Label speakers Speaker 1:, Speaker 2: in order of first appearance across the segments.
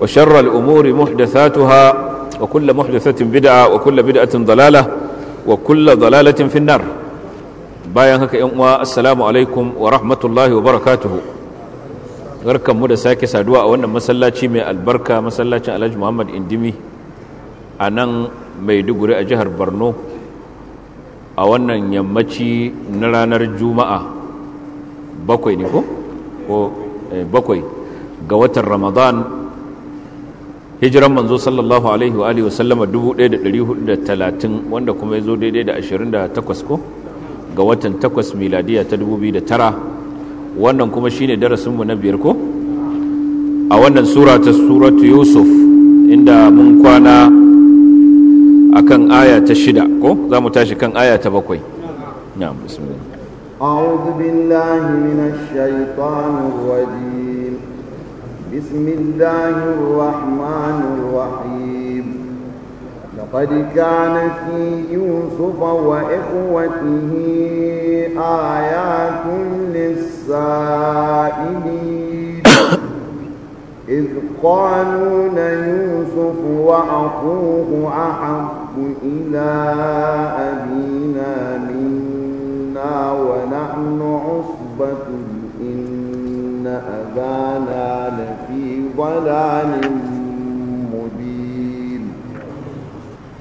Speaker 1: وشر الأمور محدثاتها وكل محدثة بدعة وكل بدعة ضلالة وكل ضلالة في النار bayan haka yan uwa assalamu alaikum wa rahmatullahi wa barakatuhu barkan mu da sake saduwa a wannan masallaci mai albarka masallacin Alhaji Muhammad Indimi a nan Maiduguri a jihar Borno a wannan yammaci na ranar Juma'a bakwai ne ko bakwai ga watan Ramadan hijiran manzo sallallahu alaihi wa alihi da 1430 wanda kuma ya zo daidai da 28 ko ga watan 8 miladiya ta 2009 wannan kuma shine darasinmu na biyar ko a wannan sura ta suratu yusuf inda mun kwana kan aya ta shida ko za mu tashi kan aya ta bakwai na bismillah
Speaker 2: أعوذ بالله من الشيطان الرجيم بسم الله الرحمن الرحيم لقد كان في يوسف وإخوته آيات للسائلين إذ قالوا ليوسف وأخوه أحب إلى أبينا منا ونحن عصبة إن أبانا لفي ضلال مبين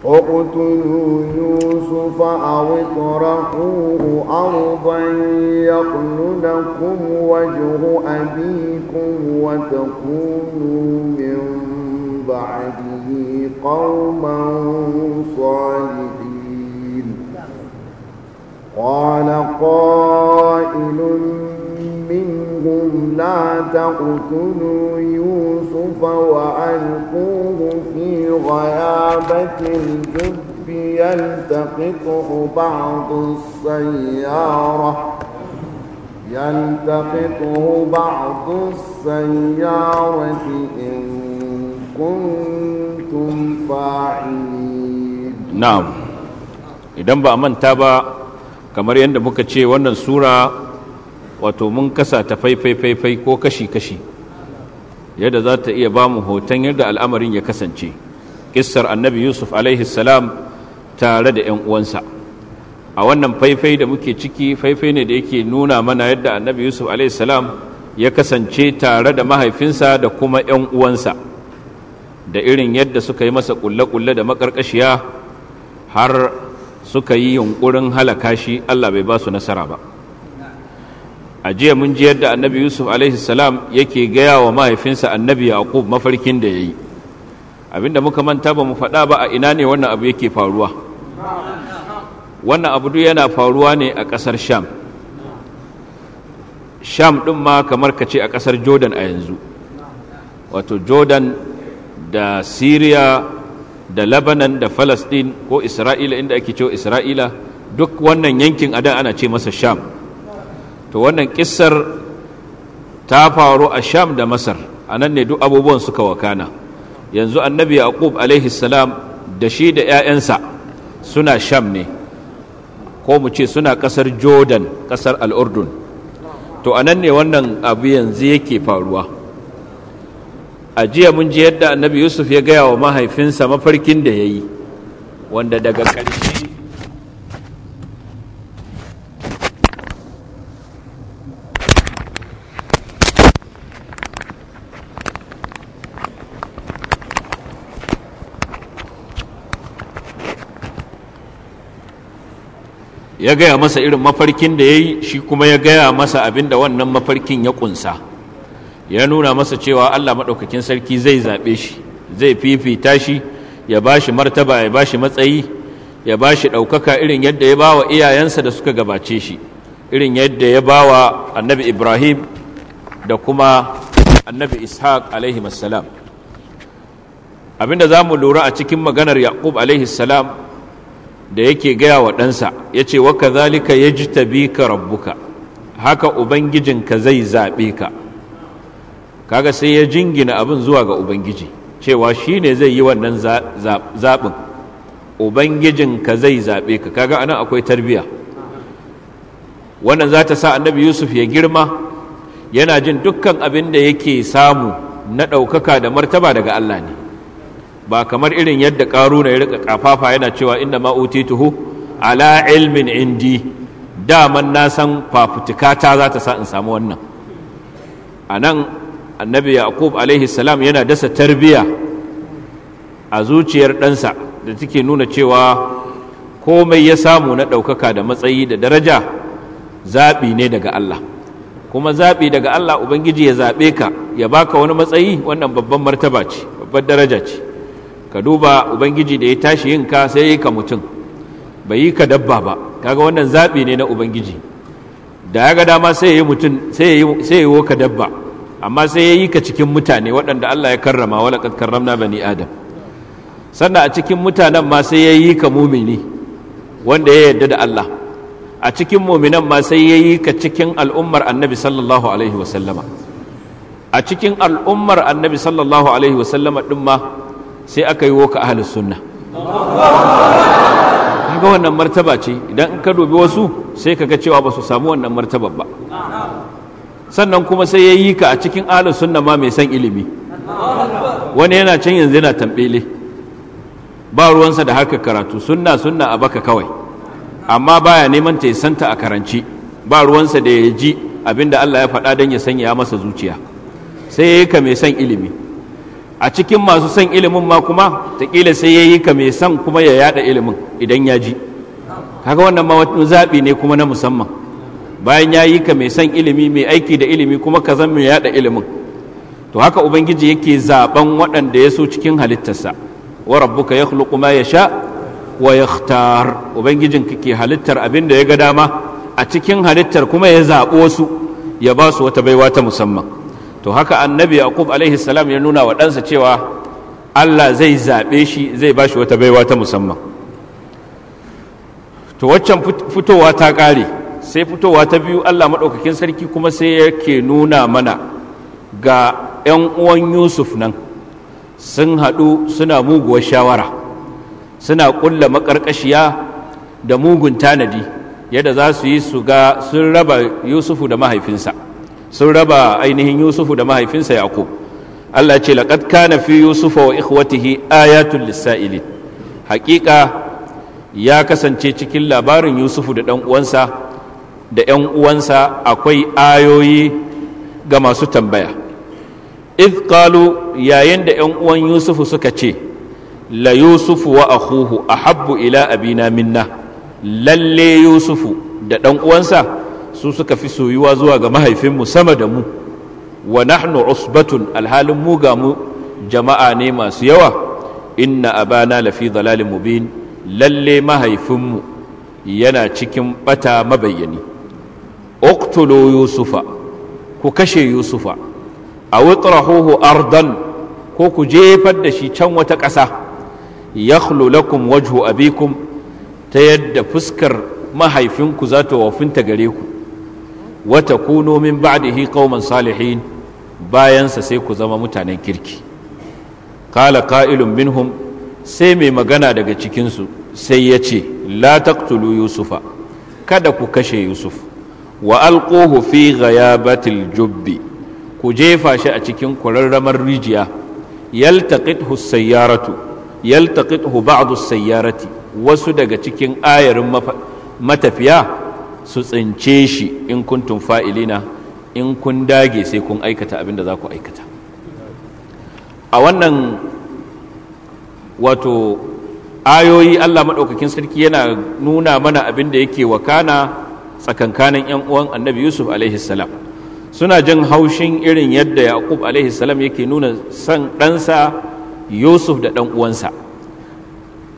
Speaker 2: اقتلوا يوسف أو اطرحوه أرضا يقل لكم وجه أبيكم وتكونوا من بعده قوما صالحين قال قائل منهم لا تقتلوا يوسف وألقوه في غيابة الجب يلتقطه بعض السيارة يلتقطه بعض السيارة إن كنتم فاعلين
Speaker 1: نعم إذا ba manta ba kamar yadda muka ce wannan sura wato mun kasa ta faifai ko kashi-kashi yadda za ta iya ba mu hoton yadda al'amarin ya kasance ƙissar annabi yusuf salam tare da 'yan uwansa a wannan faifai da muke ciki faifai ne da yake nuna mana yadda annabi yusuf salam ya kasance tare da mahaifinsa da kuma 'yan uwansa da irin yadda suka yi masa ƙulle-ƙulle da maƙarƙashiya har suka yi yunƙurin halaka shi allah bai ba su nasara ba a jiya mun ji yadda annabi yusuf alaihi salam yake gaya wa mahaifinsa annabi yaqub mafarkin da ya yi abinda muka manta ba mu faɗa ba a ina ne wannan abu yake faruwa wannan abu duk yana faruwa ne a ƙasar sham sham ɗin ma kamar ka ce a ƙasar jordan a yanzu wato jordan da syria da lebanon da Falasɗin ko isra'ila inda ake cewa isra'ila duk wannan yankin adan ana ce masa sham to wannan kissar ta faru a sham da masar a nan ne duk abubuwan suka wakana yanzu annabi yaqub alaihi salam da shi da 'ya'yansa suna sham ne ko mu ce suna kasar jordan kasar al'urdun to a nan ne wannan abu yanzu yake faruwa a jiya mun ji yadda annabi yusuf ya gaya wa mahaifinsa mafarkin da ya yi wanda daga ƙarshe ya gaya masa irin mafarkin da ya yi shi kuma ya gaya masa abin da wannan mafarkin ya kunsa ya nuna masa cewa allah maɗaukakin sarki zai zaɓe shi zai fifita shi ya ba shi martaba ya ba shi matsayi ya ba shi ɗaukaka irin yadda ya ba wa iyayensa da suka gabace shi irin yadda ya ba wa annabi ibrahim da kuma annabi ishaq alaihi abinda za mu lura a cikin maganar yaqub alaihi salam da yake gaya wa ɗansa ya ce wa ka zalika ya ji tabika rabbuka haka ubangijinka zai zaɓe ka kaga sai ya jingina abin zuwa ga ubangiji cewa shi ne zai yi wannan zaɓin ubangijinka zai zaɓe ka kaga anan akwai tarbiya wannan za ta sa annabi yusuf ya girma yana jin dukkan abin da yake samu na ɗaukaka da martaba daga allah ne ba kamar irin yadda ƙaruna ya rika kafafa yana cewa inda tuhu ala ilmin indi daman na san ta za ta sa in samu wannan a nan annabi yaqub alaihi salam yana dasa tarbiya a zuciyar ɗansa da take nuna cewa komai ya samu na ɗaukaka da matsayi da daraja zaɓi ne daga Allah kuma zaɓi daga Allah Ubangiji ya zaɓe ka ya baka wani matsayi wannan babban martaba ce babban daraja ce ka duba ubangiji da ya tashi yin ka sai yi ka mutum bai yi ka dabba ba kaga wannan zaɓi ne na ubangiji da ya ga dama sai ya yi mutum sai ya yi ka dabba amma sai ya yi ka cikin mutane waɗanda Allah ya karrama wala kad karramna bani adam sannan a cikin mutanen ma sai ya yi ka mumini wanda ya yarda da Allah a cikin muminan ma sai ya yi ka cikin al'ummar annabi sallallahu alaihi wasallama a cikin al'ummar annabi sallallahu alaihi wasallama ɗin ma sai aka yi woka ahalin sunna kaga wannan martaba ce idan in ka dobi wasu sai ka ga cewa ba su samu wannan martaba ba sannan kuma sai ya yi ka a cikin ahalin sunna ma mai san ilimi wani yana can yanzu yana tambele ba ruwansa da harkar karatu sunna sunna a baka kawai amma baya neman ta santa a karanci ba ruwansa da ya ji abin da Allah ya faɗa don ya sanya masa zuciya sai ya yi ka mai san ilimi a cikin masu son ilimin ma kuma taƙila sai ya yi ka mai son kuma ya yada ilimin idan ya ji kaga wannan ma wani zaɓi ne kuma na musamman bayan ya yi ka mai son ilimi mai aiki da ilimi kuma ka zan mai yada ilimin to haka ubangiji yake zaɓen waɗanda ya so cikin halittarsa wa rabbuka yakhluqu ma sha wa yakhtar ubangijin kake halittar abin da ya ga dama a cikin halittar kuma ya zaɓo wasu ya ba su wata baiwa ta musamman to haka annabi yaqub alaihi salam ya nuna wa ɗansa cewa Allah zai zaɓe shi zai ba shi wata baiwa ta musamman to waccan fitowa ta ƙare sai fitowa ta biyu Allah maɗaukakin sarki kuma sai yake nuna mana ga 'yan uwan yusuf nan sun haɗu suna muguwar shawara suna ƙulla maƙarƙashiya da mugun tanadi yadda za su yi su ga sun raba yusufu da mahaifinsa sun raba ainihin yusufu da mahaifinsa yaqub Allah ce laqad kana fi yusufa wa ikhwatihi ayatun lissaili haƙiƙa ya kasance cikin labarin yusufu da ɗan'uwansa da ‘yan uwansa akwai ayoyi ga masu tambaya idh qalu yayin da ‘yan uwan yusufu suka ce la yusufu wa a ahabbu ila abina minna lalle yusufu da ɗan uwansa su suka fi soyuwa zuwa ga mahaifinmu sama da mu wa nahnu usbatun alhalin mu ga mu jama'a ne masu yawa inna abana lafi dalalin mubin lalle mahaifinmu yana cikin bata mabayyani uqtulu yusufa ku kashe yusufa a witrahuhu ardan ko ku jefar da shi can wata ƙasa yakhlu lakum wajhu abikum ta yadda fuskar mahaifinku za ta wafinta gare ku wata takunu min ba'dihi qauman salihin bayansa sai ku zama mutanen kirki kala qa'ilun minhum sai mai magana daga cikinsu, sai ya ce la taqtulu yusufa kada ku kashe yusuf wa alquhu fi ghayabatil jubbi ku jefa shi a cikin kurarramar rijiya yaltaqithu sayyaratu yaltaqithu ba'du sayyarati wasu daga cikin ayarin matafiya su tsince shi in kuntum fa'ilina in kun dage sai kun aikata abin da za ku aikata a wannan wato ayoyi Allah maɗaukakin sarki yana nuna mana abin da yake wakana tsakankanin 'yan uwan annabi yusuf suna jin haushin irin yadda yaqub yake nuna son ɗansa yusuf da ɗan uwansa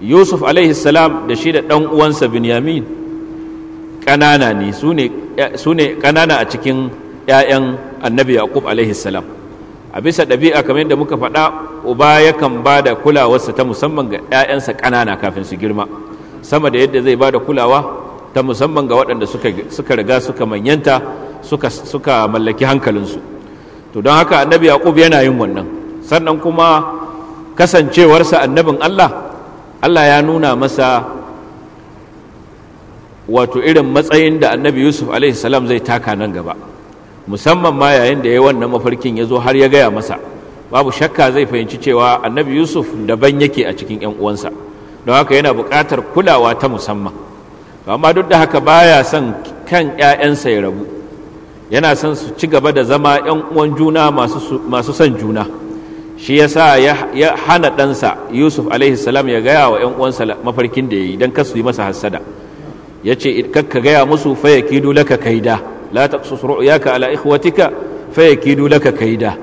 Speaker 1: yusuf alaihi da shi da ɗan uwansa binyamin ƙanana ne su ne ƙanana a cikin 'ya'yan annabi yaqub alaihi salam a bisa ɗabi'a kamar yadda muka faɗa uba yakan ba da kulawarsa ta musamman ga 'ya'yansa ƙanana kafin su girma sama da yadda zai ba da kulawa ta musamman ga waɗanda suka riga suka manyanta suka mallaki hankalinsu to don haka annabi yaqub yana yin wannan sannan kuma kasancewarsa annabin allah allah ya nuna masa wato irin matsayin da annabi yusuf salam zai taka nan gaba musamman ma yayin da ya wannan mafarkin ya zo har ya gaya masa babu shakka zai fahimci cewa annabi yusuf daban yake a cikin 'yan uwansa don haka yana buƙatar kulawa ta musamman amma duk da haka baya son kan 'ya'yansa ya rabu yana son su ci gaba da zama 'yan uwan juna masu son juna shi ya sa ya hana ɗansa yusuf salam ya gaya wa 'yan uwansa mafarkin da ya yi don kasu yi masa hassada Ya ce ka gaya musu fa yakidu laka kaida la taqsus ru'yaka ala ikhwatika fa ka laka kaida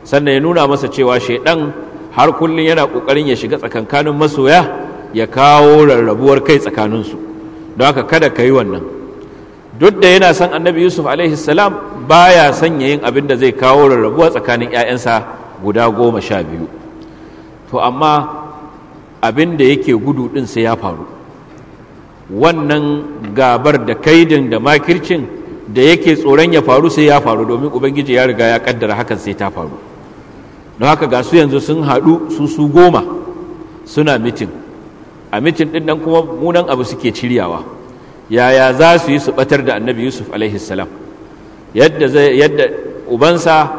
Speaker 1: sannan ya nuna masa cewa shaidan har kullum yana kokarin ya shiga tsakankanin masoya ya kawo rarrabuwar kai tsakaninsu, don haka kada ka yi wannan duk da yana son annabi yusuf alaihi salam baya sanya yin abin da zai kawo rarrabuwa tsakanin 'ya'yansa guda goma sha biyu to amma abin da yake gudu din sai ya faru wannan gabar da kaidin da makircin da yake tsoron ya faru sai ya faru domin ubangiji ya riga ya kaddara hakan sai ta faru don haka ga su yanzu sun haɗu su su goma suna mitin a mitin ɗin nan kuma munan abu suke ciryawa yaya za su yi su batar da annabi yusuf alaihi salam yadda ubansa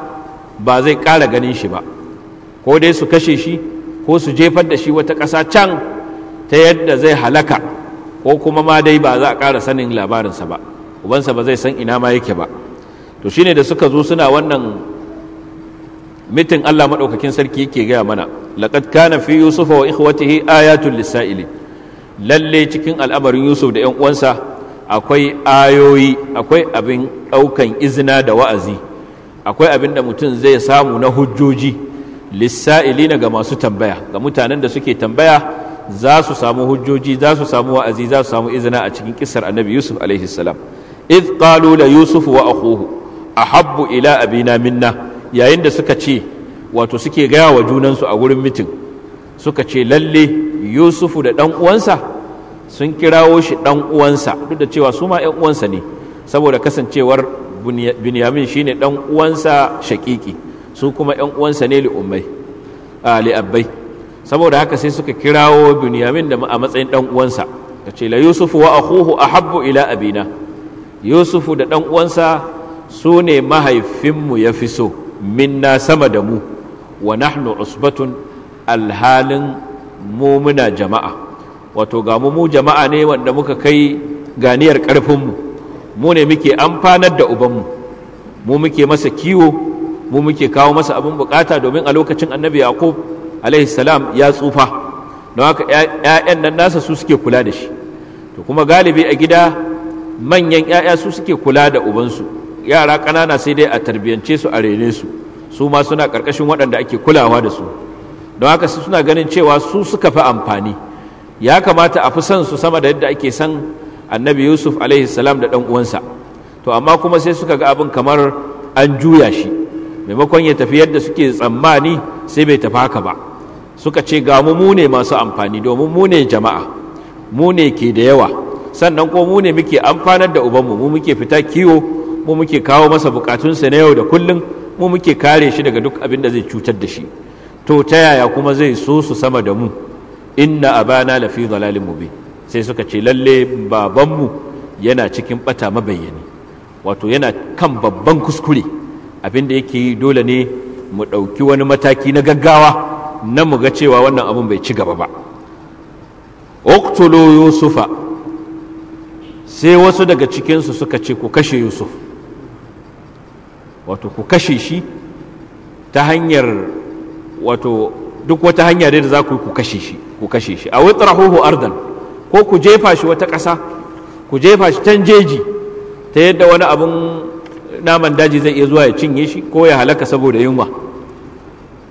Speaker 1: ba zai ƙara ganin shi ba ko dai su kashe shi ko su jefar da shi wata ƙasa can ta yadda zai halaka ko kuma ma dai ba za a ƙara sanin labarinsa ba ubansa ba zai san ina ma yake ba to shine da suka zo suna wannan mitin Allah maɗaukakin sarki yake gaya mana laqad kana fi yusufa wa ikhwatihi ayatul lisaili lalle cikin al'amarin yusuf da 'yan uwansa akwai ayoyi akwai abin ɗaukan izina da wa'azi akwai abin da mutum zai samu na hujjoji lissa'ilina ga masu tambaya ga mutanen da suke tambaya za su samu hujjoji za su samu wa'azi za su samu izina a cikin kisar annabi yusuf alaihi salam idh qalu la yusuf wa a habbu ila abina minna yayin da suka ce wato suke gaya wa junansu a wurin mitin suka ce lalle yusuf da dan uwansa sun kirawo shi dan uwansa duk da cewa su ma yan uwansa ne saboda kasancewar binyamin shine dan uwansa shaƙiƙi su kuma yan uwansa ne li ummai saboda haka sai suka kirawo binyamin da a matsayin dan uwansa ta ce la yusufu wa akhuhu ahabbu ila abina yusufu da dan uwansa su ne mahaifinmu ya fi so minna sama da mu wa nahnu usbatun alhalin mu muna jama'a wato ga mu jama'a ne wanda muka kai ganiyar karfinmu mu ne muke amfanar da ubanmu mu muke masa kiwo mu muke kawo masa abin bukata domin a lokacin annabi yaqub alaihi salam ya tsufa don haka ‘ya'yan nan nasa su suke kula da shi to kuma galibi a gida manyan ‘ya'ya su suke kula da ubansu yara ƙanana sai dai a tarbiyance su a rene su su ma suna ƙarƙashin waɗanda ake kulawa da su don haka suna ganin cewa su suka fi amfani ya kamata a fi son su sama da yadda ake san annabi yusuf alaihi salam da ɗan uwansa to amma kuma sai suka ga abin kamar an juya shi maimakon ya tafi yadda suke tsammani sai bai tafi haka ba suka ce ga mu mune masu amfani domin mu jama'a mu ke da yawa sannan ko mune ne muke amfanar da ubanmu mu muke fita kiwo mu muke kawo masa bukatunsa na yau da kullum mu muke kare shi daga duk abin da zai cutar da shi to ta yaya kuma zai so su sama da mu inna abana lafi dhalalin mubin sai suka ce lalle babanmu yana cikin bata mabayyani wato yana kan babban kuskure abin da yake yi dole ne mu ɗauki wani mataki na gaggawa nan mu ga cewa wannan abin bai ci gaba ba oktolo yusufa sai wasu daga cikinsu suka ce ku kashe yusuf wato ku kashe shi ta hanyar wato duk wata hanya dai da za ku yi ku kashe shi a kashe shi ardan ko ku jefa shi wata ƙasa ku jefa shi can jeji ta yadda wani abin naman daji zai iya zuwa ya cinye shi ko ya halaka saboda yunwa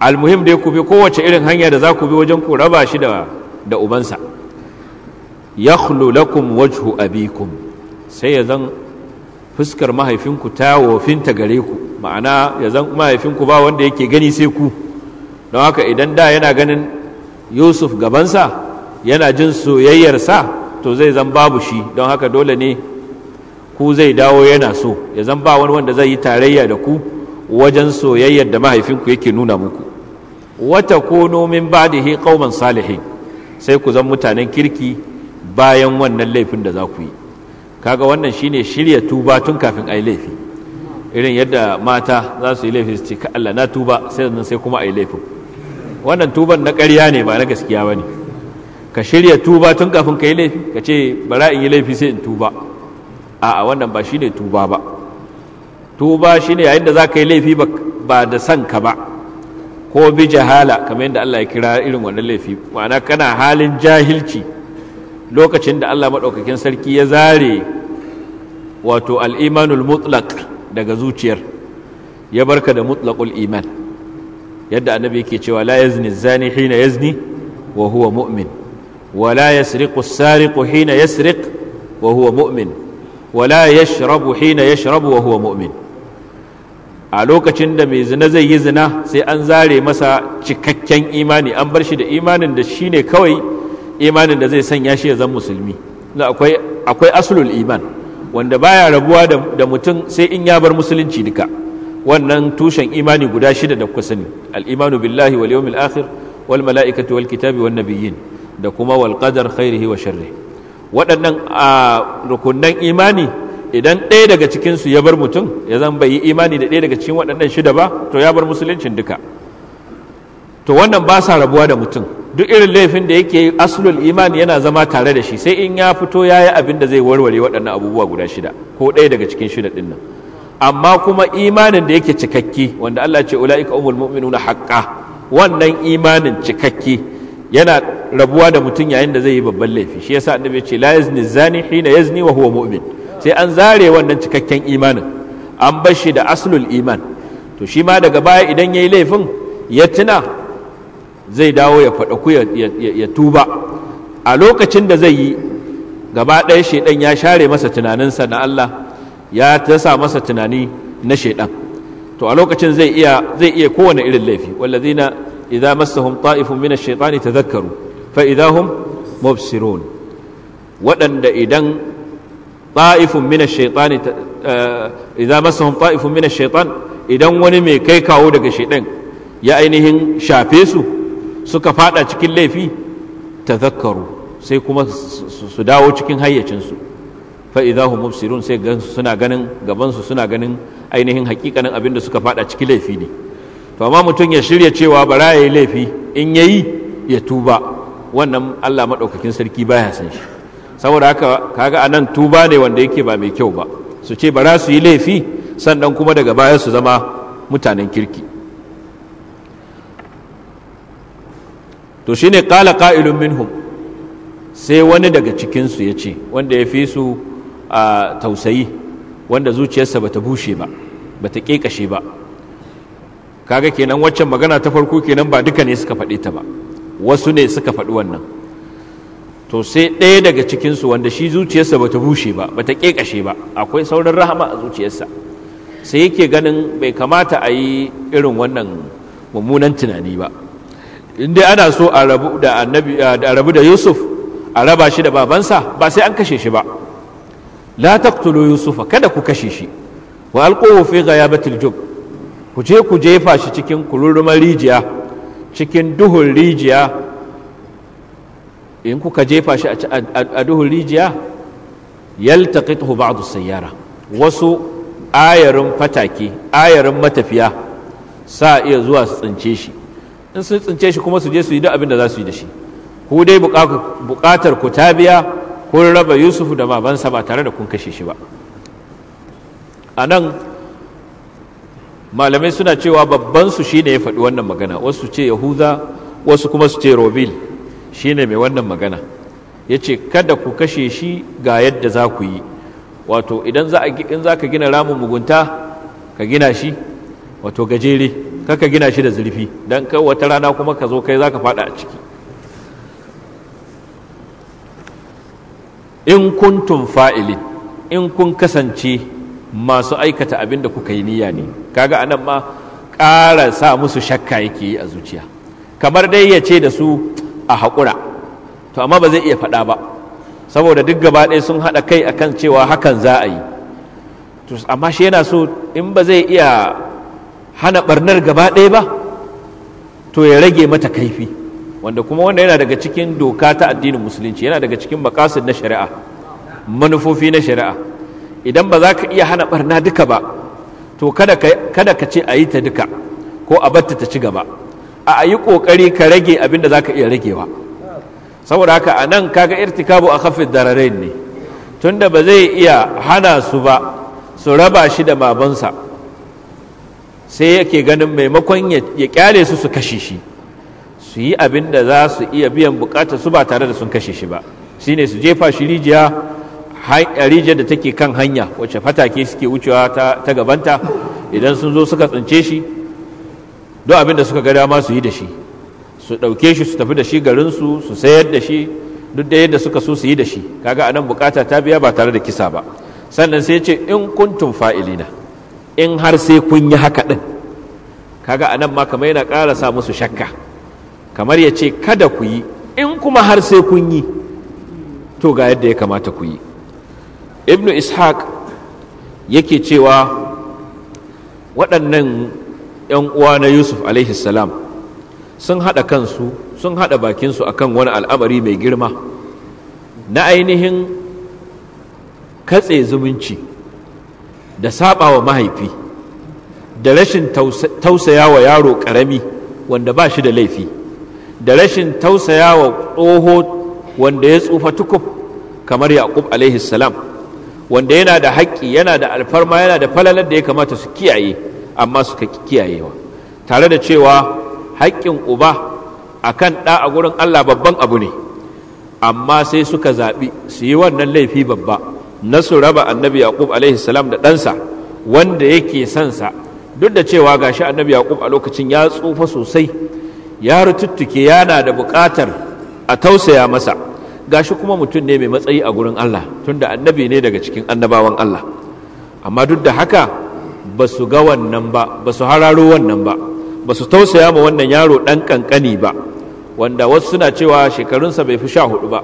Speaker 1: almuhim dai ku bi kowace irin hanya da za ku bi wajen ku raba shi da da ubansa yakhlu lakum wajhu abikum sai ya zan fuskar mahaifinku ta wofinta gare ku ma'ana ya zan mahaifinku ba wanda yake gani sai ku don haka idan da yana ganin yusuf gabansa yana jin soyayyarsa to zai zan babu shi don haka dole ne ku zai dawo yana so ya zan ba wani wanda zai yi tarayya da ku wajen soyayyar da mahaifinku yake nuna muku wata kuno min ba'dihi qauman salihin sai ku zan mutanen kirki bayan wannan laifin da za ku yi kaga wannan shine shirya tuba tun kafin ayi laifi irin yadda mata za su yi laifi su ce ka Allah na tuba sai nan sai kuma ayi laifin wannan tuban na ƙarya ne ba na gaskiya bane ka shirya tuba tun kafin ka yi laifi ka ce bara in yi laifi sai in tuba a'a wannan ba shine tuba ba tuba shine yayin da za ka yi laifi ba da sanka ka ba ko bi jahala kamar yadda Allah ya kira irin wannan laifi ma'ana kana halin jahilci lokacin da Allah maɗaukakin sarki ya zare wato al'imanul mutlaq daga zuciyar ya barka da mutlaqul iman yadda annabi yake cewa la yazni zani hina yazni wa huwa mu'min wa la yasriqu sariqu hina yasriq wa huwa mu'min wa la yashrabu hina yashrabu wa huwa mu'min a lokacin da mai zina zai yi zina sai an zare masa cikakken imani an bar shi da imanin da shi ne kawai imanin da zai sanya shi ya zan musulmi akwai asulul iman wanda baya rabuwa da mutum sai in ya bar musulunci duka wannan tushen imani guda shida da kuka sani al'imanu billahi wal yawmil akhir wal mala'ikati wal kitabi wan nabiyyin da kuma wal qadar khairihi wa waɗannan ah, rukunan imani idan ɗaya daga cikinsu ya bar mutum ya zan bai yi imani da ɗaya daga cikin waɗannan shida ba to ya bar musuluncin duka to wannan ba sa rabuwa da mutum duk irin laifin da yake asulul imani yana zama tare da shi sai in ya fito ya yi abin da zai warware waɗannan abubuwa guda shida ko ɗaya daga cikin shida dinnan amma kuma imanin da yake cikakki wanda Allah ce ula'ika umul mu'minuna haqqan wannan imanin cikakki yana rabuwa da mutum yayin da zai yi babban laifi shi yasa annabi ya ce la yazni zani hina yazni wa huwa mu'min sai an zare wannan cikakken imanin an bar shi da aslul iman to shi ma daga baya idan ya yi laifin ya tuna zai dawo ya faɗaku ya tuba a lokacin da zai yi gaba ɗaya shaidan ya share masa tunaninsa na Allah ya tasa masa tunani na shaidan to a lokacin zai iya zai iya kowane irin laifi wallazina idza massahum ta'ifun min ash-shaytani tadhakkaru fa idza hum mubsirun waɗanda idan ta'ifun min ash idan wani mai kai kawo daga shaydan ya ainihin shafe su suka fada cikin laifi tazakkaru sai kuma su dawo cikin hayyacinsu fa'idahu fa idza hum mubsirun sai suna ganin gaban su suna ganin ainihin hakikanin abin da suka fada cikin laifi ne to amma mutum ya shirya cewa bara yayi laifi in yayi ya tuba wannan Allah madaukakin sarki baya san shi saboda haka kaga anan tuba ne wanda yake ba mai kyau ba su ce ba su yi laifi sannan kuma daga baya su zama mutanen kirki to shine qala qa'ilun minhum sai wani daga cikinsu ya ce wanda ya fi su a tausayi wanda zuciyarsa bata bushe ba bata kekashe ba kaga kenan waccan magana ta farko kenan ba duka ne suka faɗe ta ba wasu ne suka faɗi wannan to sai ɗaya daga cikinsu wanda shi zuciyarsa bata bushe ba bata ƙeƙashe ba akwai saurin rahama a zuciyarsa sai yake ganin bai kamata a yi irin wannan mummunan tunani ba inda ana so a rabu da annabi a rabu da yusuf a raba shi da babansa ba sai an kashe shi ba la taqtulu yusufa kada ku kashe shi wa alquhu fi ghayabatil jub ku je ku jefa shi cikin kururumar rijiya cikin duhun rijiya in kuka jefa shi a duhun rijiya yaltaqithu ba'du sayyara wasu ayarin fataki ayarin matafiya sa iya zuwa su tsince shi in sun tsince shi kuma su je su yi duk abin da za su yi da shi ku dai buƙatar ku ta biya kun raba yusuf da babansa ba tare da kun kashe shi ba a nan malamai suna cewa babban su shine ya faɗi wannan magana wasu ce yahuza wasu kuma su ce robil Shi ne mai wannan magana ya ce kada ku kashe shi ga yadda za ku yi wato idan za ka gina ramin mugunta ka gina shi wato gajere kaka gina shi da zurfi don kai wata rana kuma ka zo kai za ka fada a ciki in kuntum fa'ilin in kun kasance masu aikata abin da kuka yi niyya ne kaga anan ma ƙara sa musu shakka yake yi a zuciya kamar dai ya ce da su a haƙura to amma ba zai iya faɗa ba saboda duk gaba ɗaya sun haɗa kai akan cewa hakan za a yi to amma shi yana so in ba zai iya hana ɓarnar gaba ɗaya ba to ya rage mata kaifi wanda kuma wanda yana daga cikin doka ta addinin musulunci yana daga cikin makasin na shari'a manufofi na shari'a idan ba za ka iya hana ɓarna duka ba to kada ka ce a yi ta duka ko a batta ta ci gaba a yi kokari ka rage abin da zaka iya ragewa saboda haka a nan kaga irtikabu a kafin dararain ne tunda ba zai iya hana su ba su raba shi da babansa sai yake ganin maimakon ya kyale su su kashe shi su yi abin da za su iya biyan bukatar su ba tare da sun kashe shi ba shine su jefa shi rijiya rijiyar da take kan hanya wacce fatake suke wucewa ta gabanta idan sun zo suka tsince shi don abin da suka ga dama su yi da shi su ɗauke shi su tafi da shi garinsu su sayar da shi duk da yadda suka so su yi da shi kaga anan bukata ta biya ba tare da kisa ba sannan sai ce in kuntum fa'ilina in har sai kun yi haka ɗin kaga anan ma kamar yana ƙara sa musu shakka kamar ya ce kada ku yi in kuma har sai kun yi to ga yadda ya kamata ku yi ibnu ishaq yake cewa waɗannan 'yan uwa na yusuf alaihi salam sun haɗa kansu sun haɗa bakinsu a kan wani al'amari mai girma na ainihin katse zumunci da saba wa mahaifi da rashin tausaya wa yaro ƙarami wanda ba shi da laifi da rashin tausaya wa tsoho wanda ya tsufa tukuf kamar yaƙub alaihi salam wanda yana da haƙƙi yana da alfarma yana da falalar da ya kamata su kiyaye amma suka kiyayewa tare da cewa haƙƙin uba a kan ɗa a gurin Allah babban abu ne amma sai suka zaɓi su yi wannan laifi babba na su raba annabi yaqub alaihi da ɗansa wanda yake son sa duk da cewa gashi annabi yaqub a lokacin ya tsufa sosai ya rututtuke yana da buƙatar a tausaya masa gashi kuma mutum ne mai matsayi a gurin Allah tunda annabi ne daga cikin annabawan Allah amma duk da haka ba su ga wannan ba ba su hararo wannan ba ba su tausaya ma wannan yaro ɗan ƙanƙani ba wanda wasu suna cewa shekarunsa bai fi sha hudu ba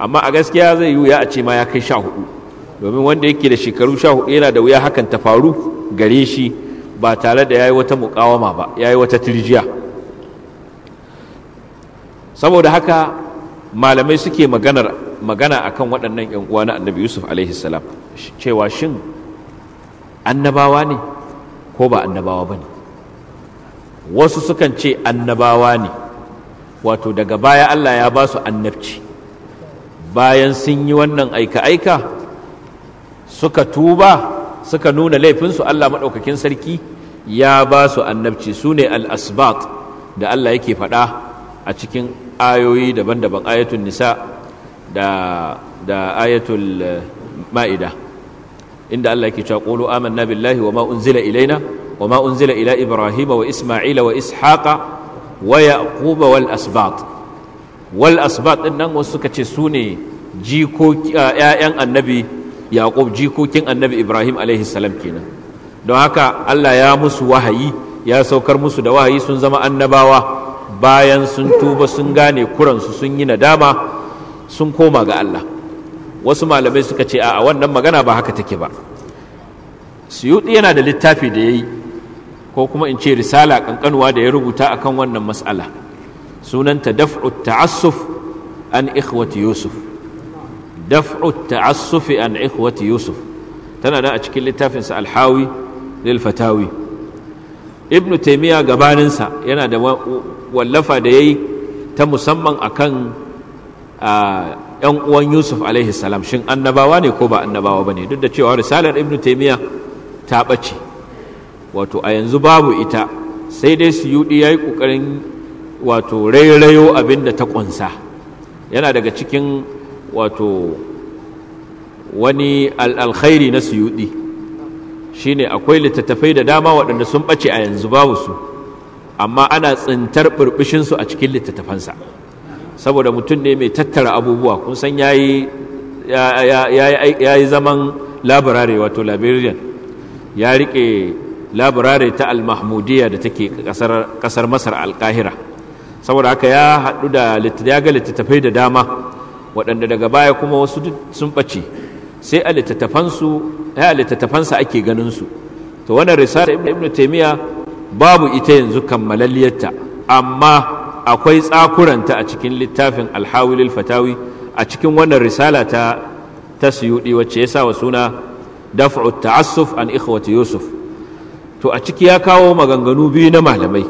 Speaker 1: amma a gaskiya zai yi ya a ce ma ya kai sha hudu domin wanda yake da shekaru sha hudu yana da wuya hakan ta faru gare shi ba tare da ya yi wata mukawama ba ya yi wata tirjiya saboda haka malamai suke maganar magana akan waɗannan 'yan uwa na annabi yusuf alaihi cewa shin annabawa ne ko ba annabawa ba ne wasu sukan ce annabawa ne wato daga baya Allah ya ba su annabci bayan sun yi wannan aika-aika suka tuba suka nuna laifinsu Allah maɗaukakin sarki ya ba su annabci su ne al'asbat da Allah yake faɗa a cikin ayoyi daban-daban ayatul nisa da, da ayatul eh, ma'ida inda Allah yake cewa qulu amanna billahi wa ma unzila ilaina wa ma unzila ila ibrahima wa isma'ila wa ishaqa wa yaquba wal asbat wal asbat din nan wasu suka ce jikoki ƴaƴan annabi yaqub jikokin annabi ibrahim alaihi salam kenan don haka Allah ya musu wahayi ya saukar musu da wahayi sun zama annabawa bayan sun tuba sun gane kuransu sun yi nadama sun koma ga Allah wasu malamai suka ce a wannan magana ba haka take ba suyuɗi yana da littafi da ya yi ko kuma in ce risala ƙanƙanuwa da ya rubuta a kan wannan matsala sunanta daf'u ta'assuf an ikhwati yusuf daf'u ta'assuf an ikhwati yusuf tana nan a cikin littafinsa alhawi lil fatawi ibnu taymiya gabaninsa yana da wallafa da yayi ta musamman akan 'yan uwan yusuf alaihi salam shin annabawa ne ko ba annabawa ba ne duk da cewa risalar ibnu taimiyya ta ɓace wato a yanzu babu ita sai dai suyuɗi ya yi ƙoƙarin wato rairayo abin da ta ƙunsa yana daga cikin wato wani alkhairi na Shi ne akwai littattafai da dama waɗanda sun ɓace a yanzu babu su amma ana tsintar ɓurɓushinsu a cikin littattafansa saboda mutum ne mai tattara abubuwa kun san yayi yi zaman labarare wato librarian ya rike labarare ta al-mahmudiyya da take kasar Masar al saboda haka ya haɗu da ya ga littattafai da dama waɗanda daga baya kuma wasu sun ɓace sai a littattafansu a littattafansa ake ganin su to wannan risala ibnu babu ita yanzu kammalalliyarta amma akwai tsakuranta a cikin littafin alhawilil fatawi a cikin wannan risala ta ta suyudi wacce ya sa wa suna daf'u ta'assuf an ikhwati yusuf to a ciki ya kawo maganganu biyu na malamai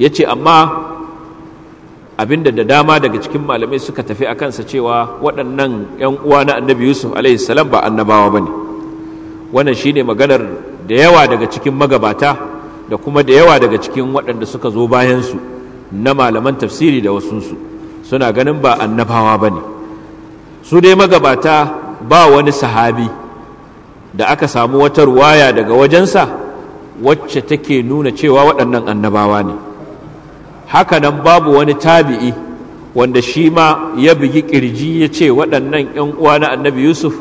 Speaker 1: yace amma abinda da dama daga cikin malamai suka tafi a kansa cewa waɗannan 'yan uwa na annabi yusuf salam ba annabawa ba ne wannan shi ne maganar da yawa daga cikin magabata da kuma da yawa daga cikin waɗanda suka zo bayansu na malaman tafsiri da wasunsu suna ganin ba annabawa ba ne su dai magabata ba wani sahabi da aka samu wata ruwaya daga wajensa wacce take nuna cewa waɗannan annabawa ne Haka nan babu wani tabi'i wanda shi ma ya bugi ƙirji ya ce waɗannan 'yan uwa na annabi yusuf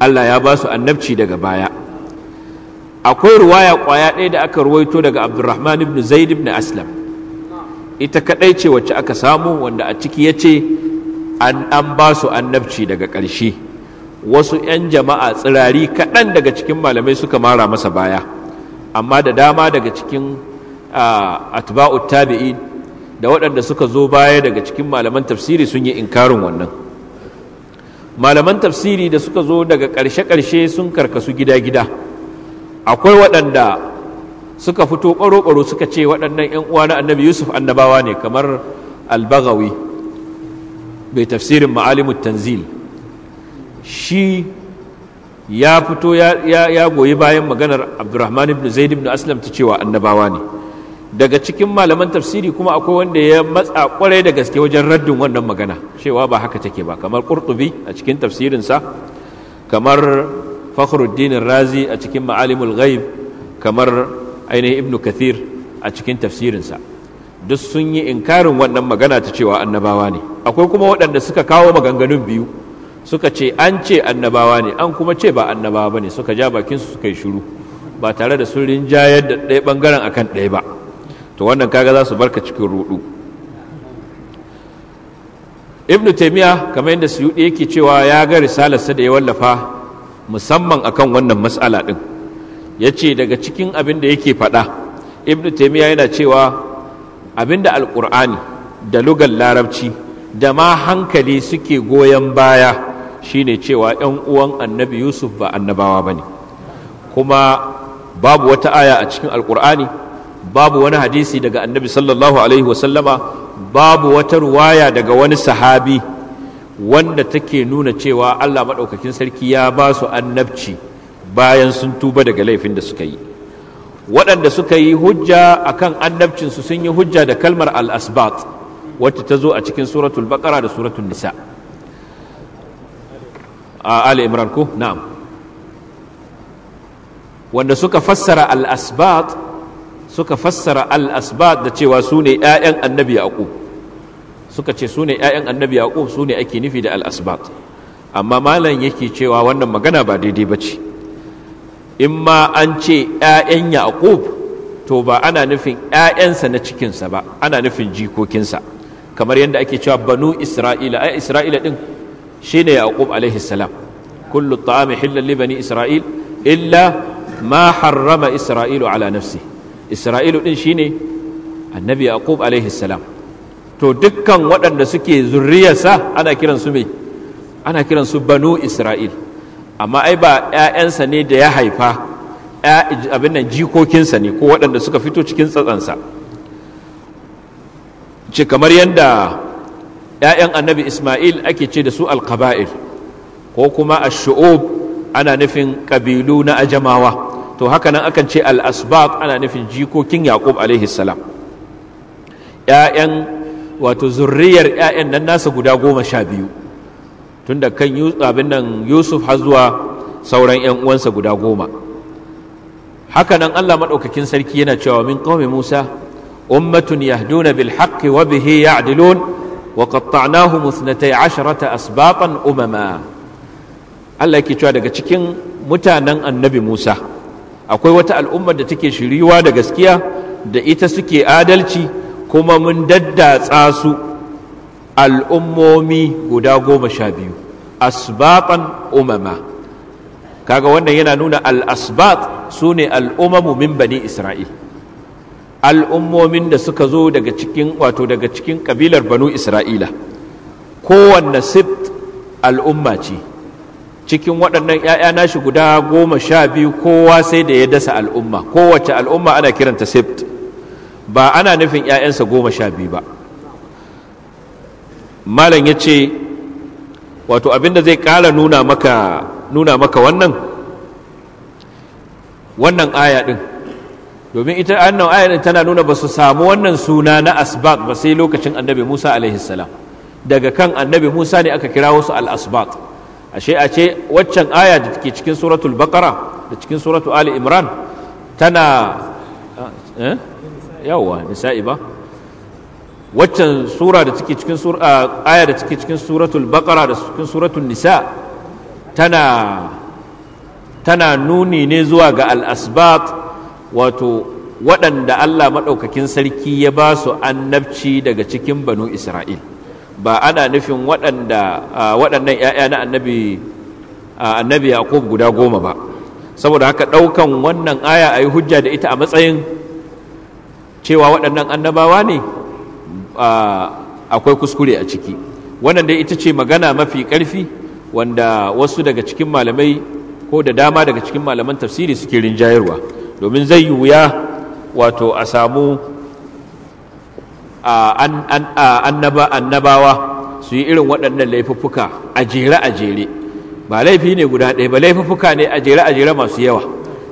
Speaker 1: allah ya ba su annabci daga baya akwai ruwaya ƙwaya ɗaya da aka ruwaito daga abdurrahman ibn zaid ibn aslam ita kaɗai ce wacce aka samu wanda a ciki ya ce an ba su annabci daga ƙarshe wasu 'yan jama'a tsirari kaɗan daga cikin malamai suka mara masa baya amma da dama daga cikin atba'ut tabi'i da waɗanda suka zo baya daga cikin malaman tafsiri sun yi inkarin wannan malaman tafsiri da suka zo daga ƙarshe-ƙarshe sun karkasu gida-gida akwai waɗanda suka fito ɓaro-ɓaro suka ce waɗannan 'yan uwa na annabi yusuf annabawa ne kamar albagawi bai tafsirin ma'alimun tanzil shi ya fito ya goyi bayan maganar abdurrahman ibn zaid ibn aslam ta cewa annabawa ne daga cikin malaman tafsiri kuma akwai wanda ya matsa kwarai da gaske wajen raddin wannan magana cewa ba haka take ba kamar qurtubi a cikin tafsirinsa kamar fakhruddin razi a cikin ma'alimul ghaib kamar ainihin ibnu kathir a cikin tafsirinsa duk sun yi inkarin wannan magana ta cewa annabawa ne akwai kuma waɗanda suka kawo maganganun biyu suka ce an ce annabawa ne an kuma ce ba annabawa ba ne suka ja bakinsu suka yi shuru ba tare da sun rinjayar da ɗaya ɓangaren akan ɗaya ba to wannan kaga za su barka cikin ruɗu ibnu taimiya kamar yadda suyuɗi yake cewa ya ga risalarsa da ya wallafa musamman akan wannan matsala ɗin ya ce daga cikin abin da yake faɗa ibn taimiyya yana cewa abin da alƙur'ani da Lugan larabci da ma hankali suke goyon baya shine cewa 'yan uwan annabi yusuf ba annabawa ba ne kuma babu wata aya a cikin alƙur'ani babu wani hadisi daga annabi sallallahu alaihi wasallama babu wata ruwaya daga wani sahabi wanda take nuna cewa allah maɗaukakin sarki ya ba su annabci bayan sun tuba daga laifin da suka yi waɗanda suka yi hujja akan annabcinsu sun yi hujja da kalmar al-asbat wacce ta zo a cikin suratul baqara da suratul nisa a ali imran ko na'am wanda suka fassara al-asbat suka fassara al-asbat da cewa su ne 'ya'yan annabi yaqub suka ce su ne 'ya'yan annabi yaqub su ne ake nufi da al-asbat amma malam yake cewa wannan magana ba daidai ba ce in ma an ce ‘ya'yan yaƙub to ba ana nufin ‘ya'yansa na cikinsa ba ana nufin jikokinsa kamar yadda ake cewa banu isra'ila ai isra'ila ɗin shi ne yaƙub alaihissalam kullu ta'ami hillar libani isra'il illa ma harrama isra'ilu ala nafsi isra'ilu ɗin shi ne annabi yaƙub alaihissalam to dukkan waɗanda suke zurriyarsa ana kiransu mai ana kiransu banu isra'il amma ai ba 'ya'yansa ne da ya haifa abin nan jikokinsa ne ko waɗanda suka fito cikin tsatsansa ce kamar yadda 'ya'yan annabi ismail ake ce da su alkaba'il ko kuma ashu'ub ana nufin ƙabilu na ajamawa to haka nan akan ce al'asbab ana nufin jikokin yaƙub alaihi salam 'ya'yan wato zurriyar 'ya'yan nan nasa guda goma sha biyu tun da kan abin nan yusuf har zuwa sauran 'yan uwansa guda goma haka nan allah maɗaukakin sarki yana cewa min ƙaumin musa ummatun yahduna bil haqqi wa bihi ya'dilun wa qatta'nahum ithnatay asharata asbaban umama allah yake cewa daga cikin mutanen annabi musa akwai wata al'ummar da take shiriwa da gaskiya da ita suke adalci kuma mun daddatsa su al'ummomi guda goma sha biyu asbatan umama kaga wannan yana nuna al'asbat su ne al'umamu min bani isra'il al'ummomin da suka zo daga cikin wato daga cikin kabilar banu isra'ila kowanne sift al'umma ce cikin waɗannan ‘ya'ya nashi guda goma sha biyu kowa sai da ya dasa al'umma kowace al'umma ana kiranta sift ba ana nufin ‘ya'yansa goma sha biyu ba malam ya ce wato abinda zai ƙara nuna maka nuna maka wannan wannan aya din domin ita annan aya din tana nuna ba su samu wannan suna na asbaq ba sai lokacin annabi musa alaihi salam daga kan annabi musa ne aka kira wasu al-asbaq ashe a ce waccan aya da ke cikin suratul baqara da cikin suratul ali imran tana eh, yawa nisa'i ba waccan sura da take cikin sura aya da take cikin suratul baqara da cikin suratul nisa tana tana nuni ne zuwa ga al-asbat wato waɗanda Allah maɗaukakin sarki ya ba su annabci daga cikin banu Isra'il ba ana nufin waɗanda waɗannan ‘ya'ya na annabi annabi Yaqub guda goma ba saboda haka ɗaukan wannan aya ayi hujja da ita a matsayin cewa waɗannan annabawa ne akwai kuskure a ciki wannan dai ita ce magana mafi karfi wanda wasu daga cikin malamai ko da dama daga cikin malaman tafsiri suke rinjayarwa domin zai yi wuya wato a samu annabawa su yi irin waɗannan laifuffuka a jere a jere ba laifi ne guda ɗaya ba laifuffuka ne a jere a jere masu yawa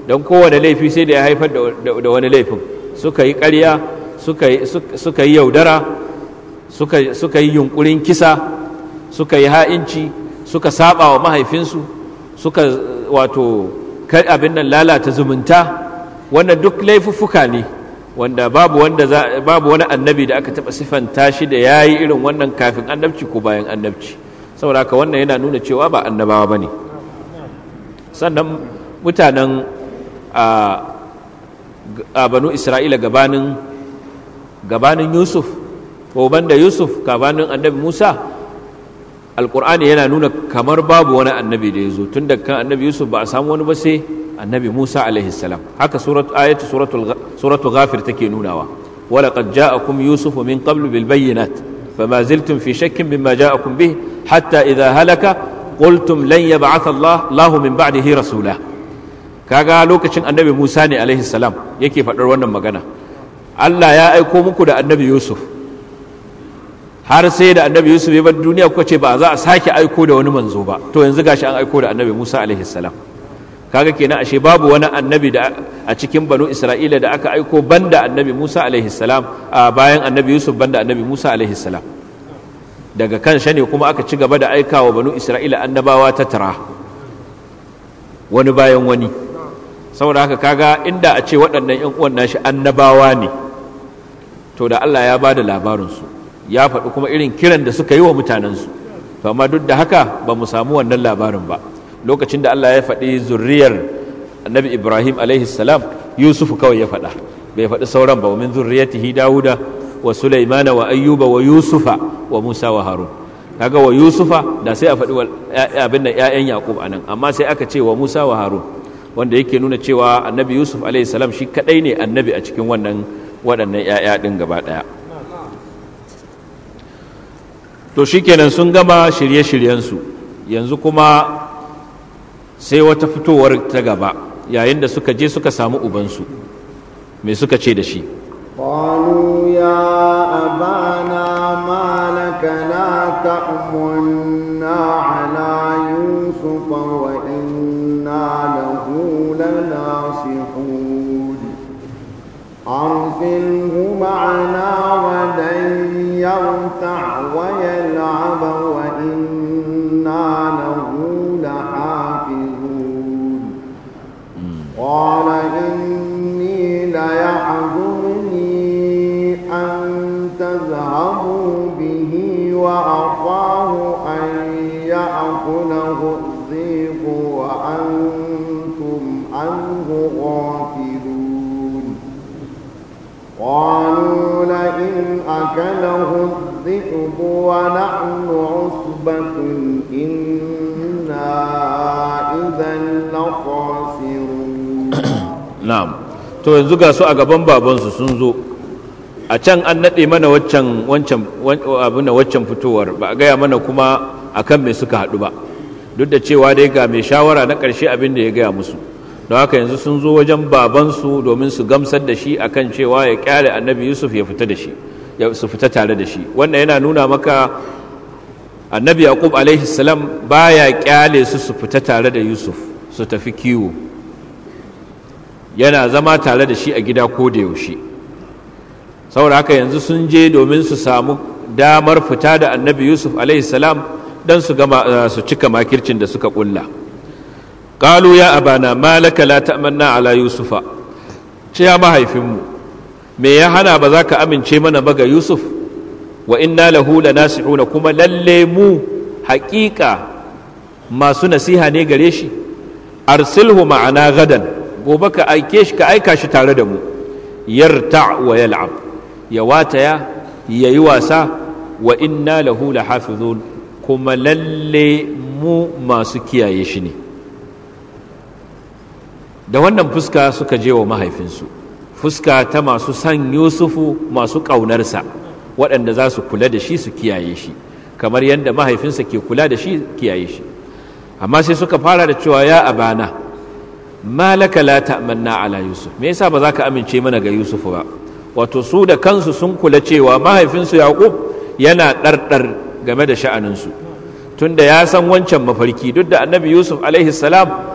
Speaker 1: don kowane laifi sai da ya haifar da wani laifin suka yi ƙarya suka yi yaudara suka yi yunkurin kisa suka yi ha'inci suka saba wa mahaifinsu suka wato abin nan lalata zumunta wannan duk laifuffuka ne wanda babu wani annabi da aka taɓa sifanta shi da ya yi irin wannan kafin annabci ko bayan annabci saboda haka wannan yana nuna cewa ba annabawa ba ne sannan mutanen a banu isra'ila gabanin gabanin yusuf ko banda yusuf gabanin annabi musa alkur'ani yana nuna kamar babu wani annabi da ya zo tun da kan annabi yusuf ba a samu wani ba sai annabi musa alaihi salam haka ayatu suratu ghafir take nunawa ولقد جاءكم يوسف من قبل بالبينات فما زلتم في شك مما جاءكم به حتى إذا هلك قلتم لن يبعث الله الله من بعده رسولا kaga lokacin annabi Musa ne alaihi salam yake faɗar wannan magana Allah ya aiko muku da annabi Yusuf har sai da annabi Yusuf ya bar duniya kuka ce ba za a sake aiko da wani manzo ba to yanzu gashi an aiko da annabi Musa alaihi salam kaga kenan ashe babu wani annabi da a cikin banu Isra'ila da aka aiko banda annabi Musa alaihi salam a bayan annabi Yusuf banda annabi Musa alaihi salam daga kan ne kuma aka ci gaba da aikawa banu Isra'ila annabawa ta tara wani bayan wani saboda haka kaga inda a ce waɗannan 'yan uwan nashi annabawa ne to da Allah ya ba da labarinsu ya faɗi kuma irin kiran da suka yi wa mutanensu to amma duk da haka ba mu samu wannan labarin ba lokacin da Allah ya faɗi zurriyar annabi Ibrahim alaihi salam Yusuf kawai ya faɗa bai faɗi sauran ba min zurriyatihi Dawuda wa Sulaimana wa Ayyuba wa Yusufa wa Musa wa Harun kaga wa Yusufa da sai a faɗi abin da ƴaƴan Yaqub anan amma sai aka ce wa Musa wa Harun wanda yake nuna cewa annabi Yusuf alaihi salam shi kadai ne annabi a cikin wannan waɗannan 'ya'ya ɗin gaba ɗaya to kenan sun gama shirye-shiryensu yanzu kuma sai wata fitowar ta gaba yayin da suka je suka samu ubansu mai suka ce da shi
Speaker 2: قالوا يا أبانا ما لك لا تأمنا wa يوسف أرسله معنا ولن يرتع ويلعب وإنا له لحافظون قال إني ليحزنني أن تذهبوا به وأخاه أن يأكله الذئب وأنتم عنه غافلون قالوا لئن أكله الذئب ونحن عصبة إنا إذا لخاسرون
Speaker 1: نعم to yanzu ga su a gaban babansu sun zo a can an naɗe mana waccan wancan abin waccan fitowar ba a gaya mana kuma akan me suka haɗu ba duk da cewa dai ga mai shawara na ƙarshe abin da ya gaya musu don haka yanzu sun zo wajen babansu domin su gamsar da shi a kan cewa ya kyale annabi yusuf ya fita da shi ya su fita tare da shi wannan yana nuna maka annabi yaqub alaihi salam ya kyale su su fita tare da yusuf su tafi kiwo yana zama tare da shi a gida ko da yaushe saboda haka yanzu sun je domin su samu damar fita da annabi yusuf alaihi salam don su cika makircin da suka kulla qalu ya abana malaka la ta'manna ala yusufa ce ya mahaifinmu me ya hana ba za ka amince mana ba ga yusuf wa inna lahu lanasihuna kuma lalle mu haƙiƙa masu nasiha ne gare shi arsilhu ma'ana gadan gobe ka aike shi ka aika shi tare da mu yarta wa yal'ab ya wataya ya yi wasa wa inna lahu lahafizun kuma lalle mu masu kiyaye shi ne da wannan fuska suka je wa mahaifinsu fuska ta masu san yusufu masu ƙaunarsa waɗanda za su kula da shi su kiyaye shi kamar yadda mahaifinsa ke kula da shi kiyaye shi amma sai suka fara da cewa ya abana malaka la ta'manna ala yusuf me yasa ba za ka amince mana ga yusuf ba wato su da kansu sun kula cewa mahaifinsu yaqub yana ɗarɗar game da sha'aninsu tunda ya san wancan mafarki duk da annabi yusuf alaihi salam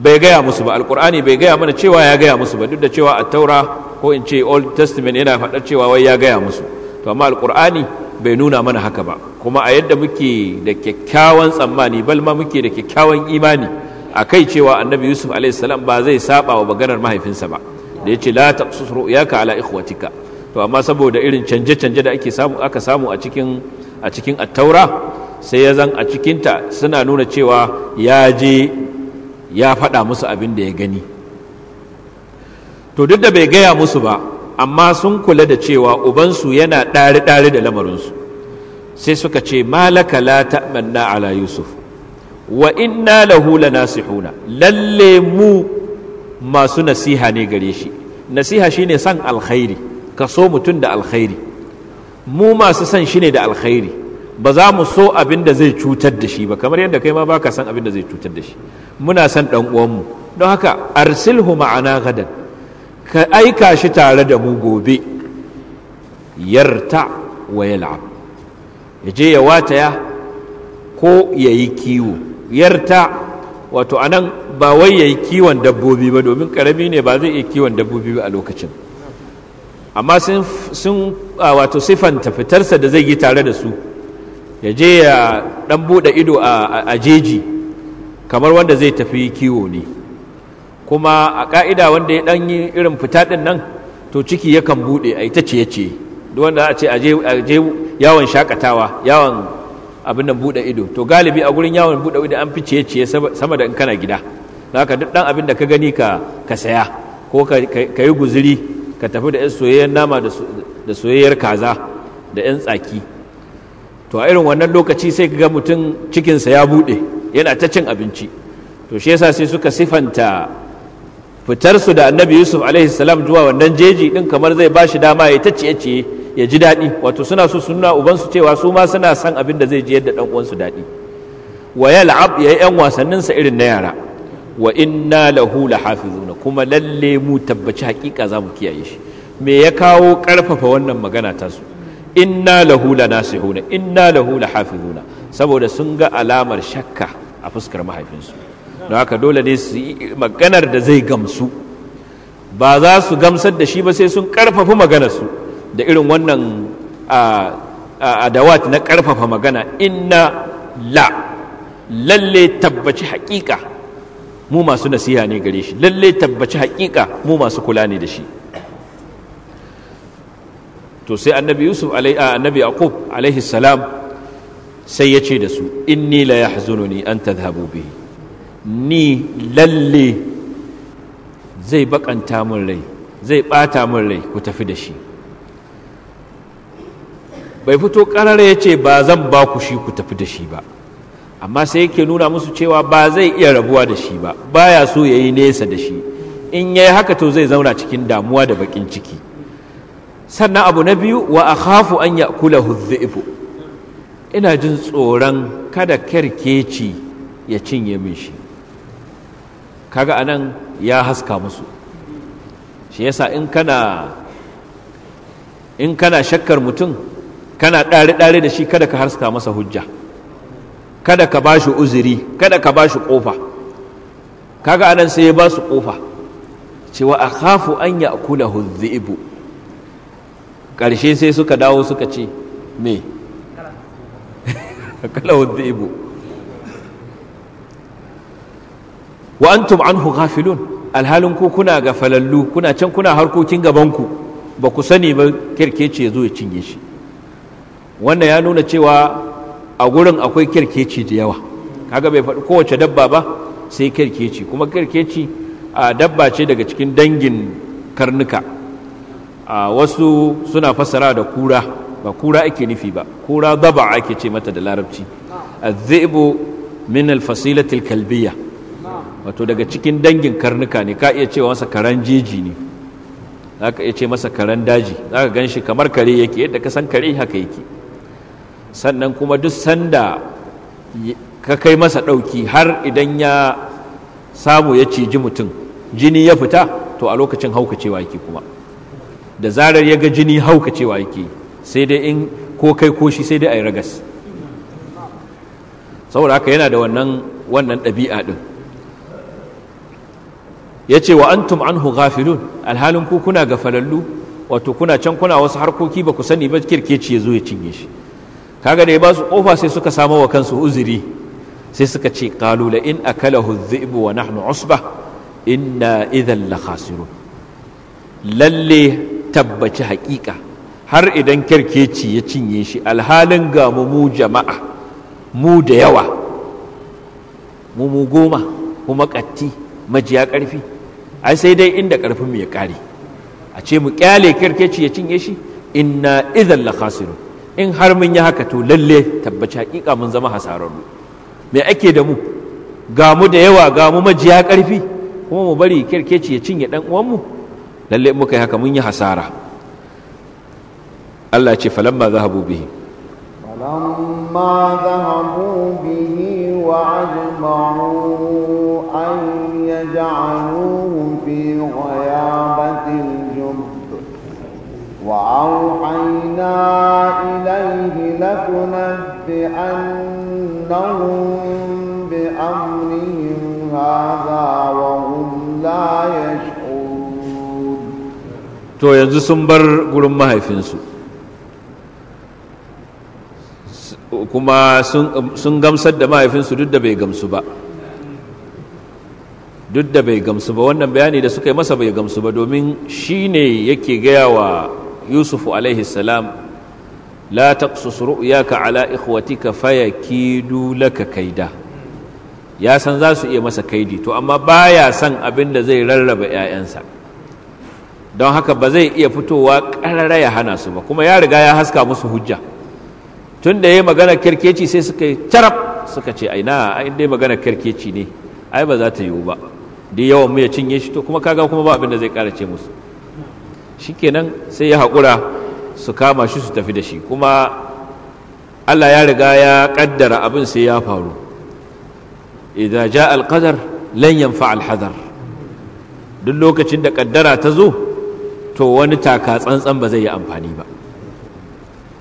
Speaker 1: bai gaya musu ba alkur'ani bai gaya mana cewa ya gaya musu ba duk da cewa a taura ko in ce old testament yana faɗar cewa wai ya gaya musu to amma alkur'ani bai nuna mana haka ba kuma a yadda muke da kyakkyawan tsammani balma muke da kyakkyawan imani a kai cewa annabi yusuf alaihissalam ba zai saba wa maganar mahaifinsa ba da ya ce la ya ru'yaka ala ikhwatika to amma saboda irin canje-canje da ake samu aka samu a cikin a cikin attaura sai ya zan a cikinta suna nuna cewa ya je ya faɗa musu abin da ya gani to duk da bai gaya musu ba amma sun kula da cewa ubansu yana ɗari-ɗari da lamarinsu sai suka ce malaka la ta'manna ala yusuf wa inna lahu lanasihuna lalle mu masu nasiha ne gare shi nasiha shine san alkhairi ka so mutum da alkhairi mu masu san shi ne da alkhairi ba za mu so abin da zai cutar da shi ba kamar yadda kai ma baka san abin da zai cutar da shi muna son ɗan uwanmu don haka arsilhu ma'ana gadan ka aika shi tare da mu gobe yarta wa yal'ab ya je ya wataya ko ya yi kiwo yarta wato a nan ba wai ya yi kiwon dabbobi ba domin ƙarami ne ba zai iya kiwon dabbobi ba a lokacin amma sun wato siffanta fitarsa da zai yi tare da su ya je ya ɗan buɗe ido a jeji kamar wanda zai tafi kiwo ne kuma a ka'ida wanda ya ɗanyi irin fita ɗin nan to ciki yakan buɗe a ita ciye-ciye duk wanda a ce a je yawon shakatawa yawon abin nan buɗe ido to galibi a gurin yawon buɗe ido an fi ciye-ciye sama da in kana gida haka duk ɗan abin da ka gani ka saya ko ka yi guziri ka tafi da 'yan soyayyen nama da soyayyar kaza da 'yan tsaki to a irin wannan lokaci sai ka ga mutum cikinsa ya buɗe yana ta cin abinci to shi yasa sai suka sifanta fitarsu da annabi yusuf alaihi salam zuwa wannan jeji din kamar zai ba shi dama ya ta ciye ciye ya ji daɗi wato suna so su nuna ubansu cewa su ma suna son abin da zai ji yadda ɗan uwansu daɗi wa yal'ab ya yi yan wasanninsa irin na yara wa inna lahu lahafizuna kuma lalle mu tabbaci hakika za mu kiyaye shi me ya kawo ƙarfafa wannan magana ta su inna lahu lanasihuna inna lahu lahafizuna saboda sun ga alamar shakka a fuskar mahaifinsu don haka dole ne su yi maganar da zai gamsu ba za su gamsar da shi ba sai sun karfafi maganarsu da irin wannan adawat na karfafa magana inna la lalle tabbaci hakika mu masu nasiha ne gare shi lalle tabbaci hakika mu masu kula ne da shi to sai annabi yusuf annabi yaqub alaihi salam sai ya ce da su inni la ni an tadhhabu bihi ni lalle zai baƙanta min rai zai ɓata min rai ku tafi da shi bai fito ƙarar ya ce ba zan ba ku shi ku tafi da shi ba amma sai yake nuna musu cewa ba zai iya rabuwa da shi ba baya so ya yi nesa da shi in ya yi haka to zai zauna cikin damuwa da bakin ciki sannan abu na biyu wa akhafu an kula dhi'fu ina jin tsoron kada kerkeci ya cinye min shi kaga anan ya haska musu shi yasa in kana in kana shakkar mutum kana ɗare-ɗare da shi kada ka haska masa hujja kada ka ba shi uzuri kada ka ba shi ƙofa kaga anan sai ya ba su ƙofa cewa a kafu an ya kula huzibu ƙarshe sai suka dawo suka ce me kalawar da ibo wa antum anhu ghafilun alhalin ku kuna gafalallu kuna can kuna harkokin gabanku ba ku sani ba kirkece ya zo ya cinye shi wannan ya nuna cewa a gurin akwai kirkeci da yawa kaga bai faɗi kowace dabba ba sai kirkeci kuma kirkeci a dabba ce daga cikin dangin karnuka a wasu suna fassara da kura ba kura ake nufi ba kura daba ake ce mata da larabci azzibu min alfasilatil kalbiya wato daga cikin dangin karnuka ne ka iya cewa masa karan jeji ne zaka iya ce masa karan daji zaka shi kamar kare yake yadda ka san kare haka yake sannan kuma duk sanda ka kai masa ɗauki har idan ya samu ya ciji mutum jini ya fita to a lokacin haukacewa yake kuma da zarar ya ga jini haukacewa yake yi sai dai in ko kai ko shi sai dai a yi ragas saboda haka yana da wannan wannan ɗabi'a ɗin ya ce wa antum anhu ghafilun alhalin ku kuna gafalallu wato kuna can kuna wasu harkoki ba ku sani ba kirkeci ya zo ya cinye shi kaga da ya ba su kofa sai suka samo wa kansu uzuri sai suka ce qalu la in akalahu dhi'bu wa nahnu usba inna idhan la khasirun lalle tabbaci haƙiƙa har idan kerkeci ya cinye shi alhalin ga mu jama'a mu da yawa mu mu goma kuma makatti majiya ƙarfi ai sai dai inda mu ya kare a ce mu ƙyale kerkeci ya cinye shi inna idan la in har mun yi haka to lalle tabbaci hakika mun zama hasararru me ake da mu ga mu da yawa ga mu majiya karfi kuma mu bari kerkeci ya cinye ɗan uwanmu lalle muka yi haka mun yi hasara Allah ce falamma zahabu bihi
Speaker 2: falamma zahabu bihi wa ajma'u an yaj'aluhu fi ghayabatil jubb wa awhayna ilayhi latunabbi'annahum bi amrihim hadha wa hum la yash'urun
Speaker 1: to yanzu sun bar gurin mahaifinsu kuma sun gamsar da mahaifinsu duk da bai gamsu ba duk da bai gamsu ba wannan bayani da suka yi masa bai gamsu ba domin shi ne yake gaya wa yusufu alaihi salam la taqsus ru'yaka ala ikhwatika fayakidu laka kaida ya san za su iya masa kaidi to amma baya san abin da zai rarraba 'ya'yansa don haka ba zai iya fitowa ƙarara ya hana su ba kuma ya riga ya haska musu hujja tun da ya magana kirkeci sai suka yi carab suka ce aina a inda magana kirkeci ne ai ba za ta yiwu ba da yawan mu ya cinye shi to kuma kaga kuma ba abin da zai kara ce musu shikenan sai ya haƙura su kama shi su tafi da shi kuma Allah ya riga ya kaddara abin sai ya faru idza al qadar lan yanfa hadar duk lokacin da kaddara ta zo to wani taka tsantsan ba zai yi amfani ba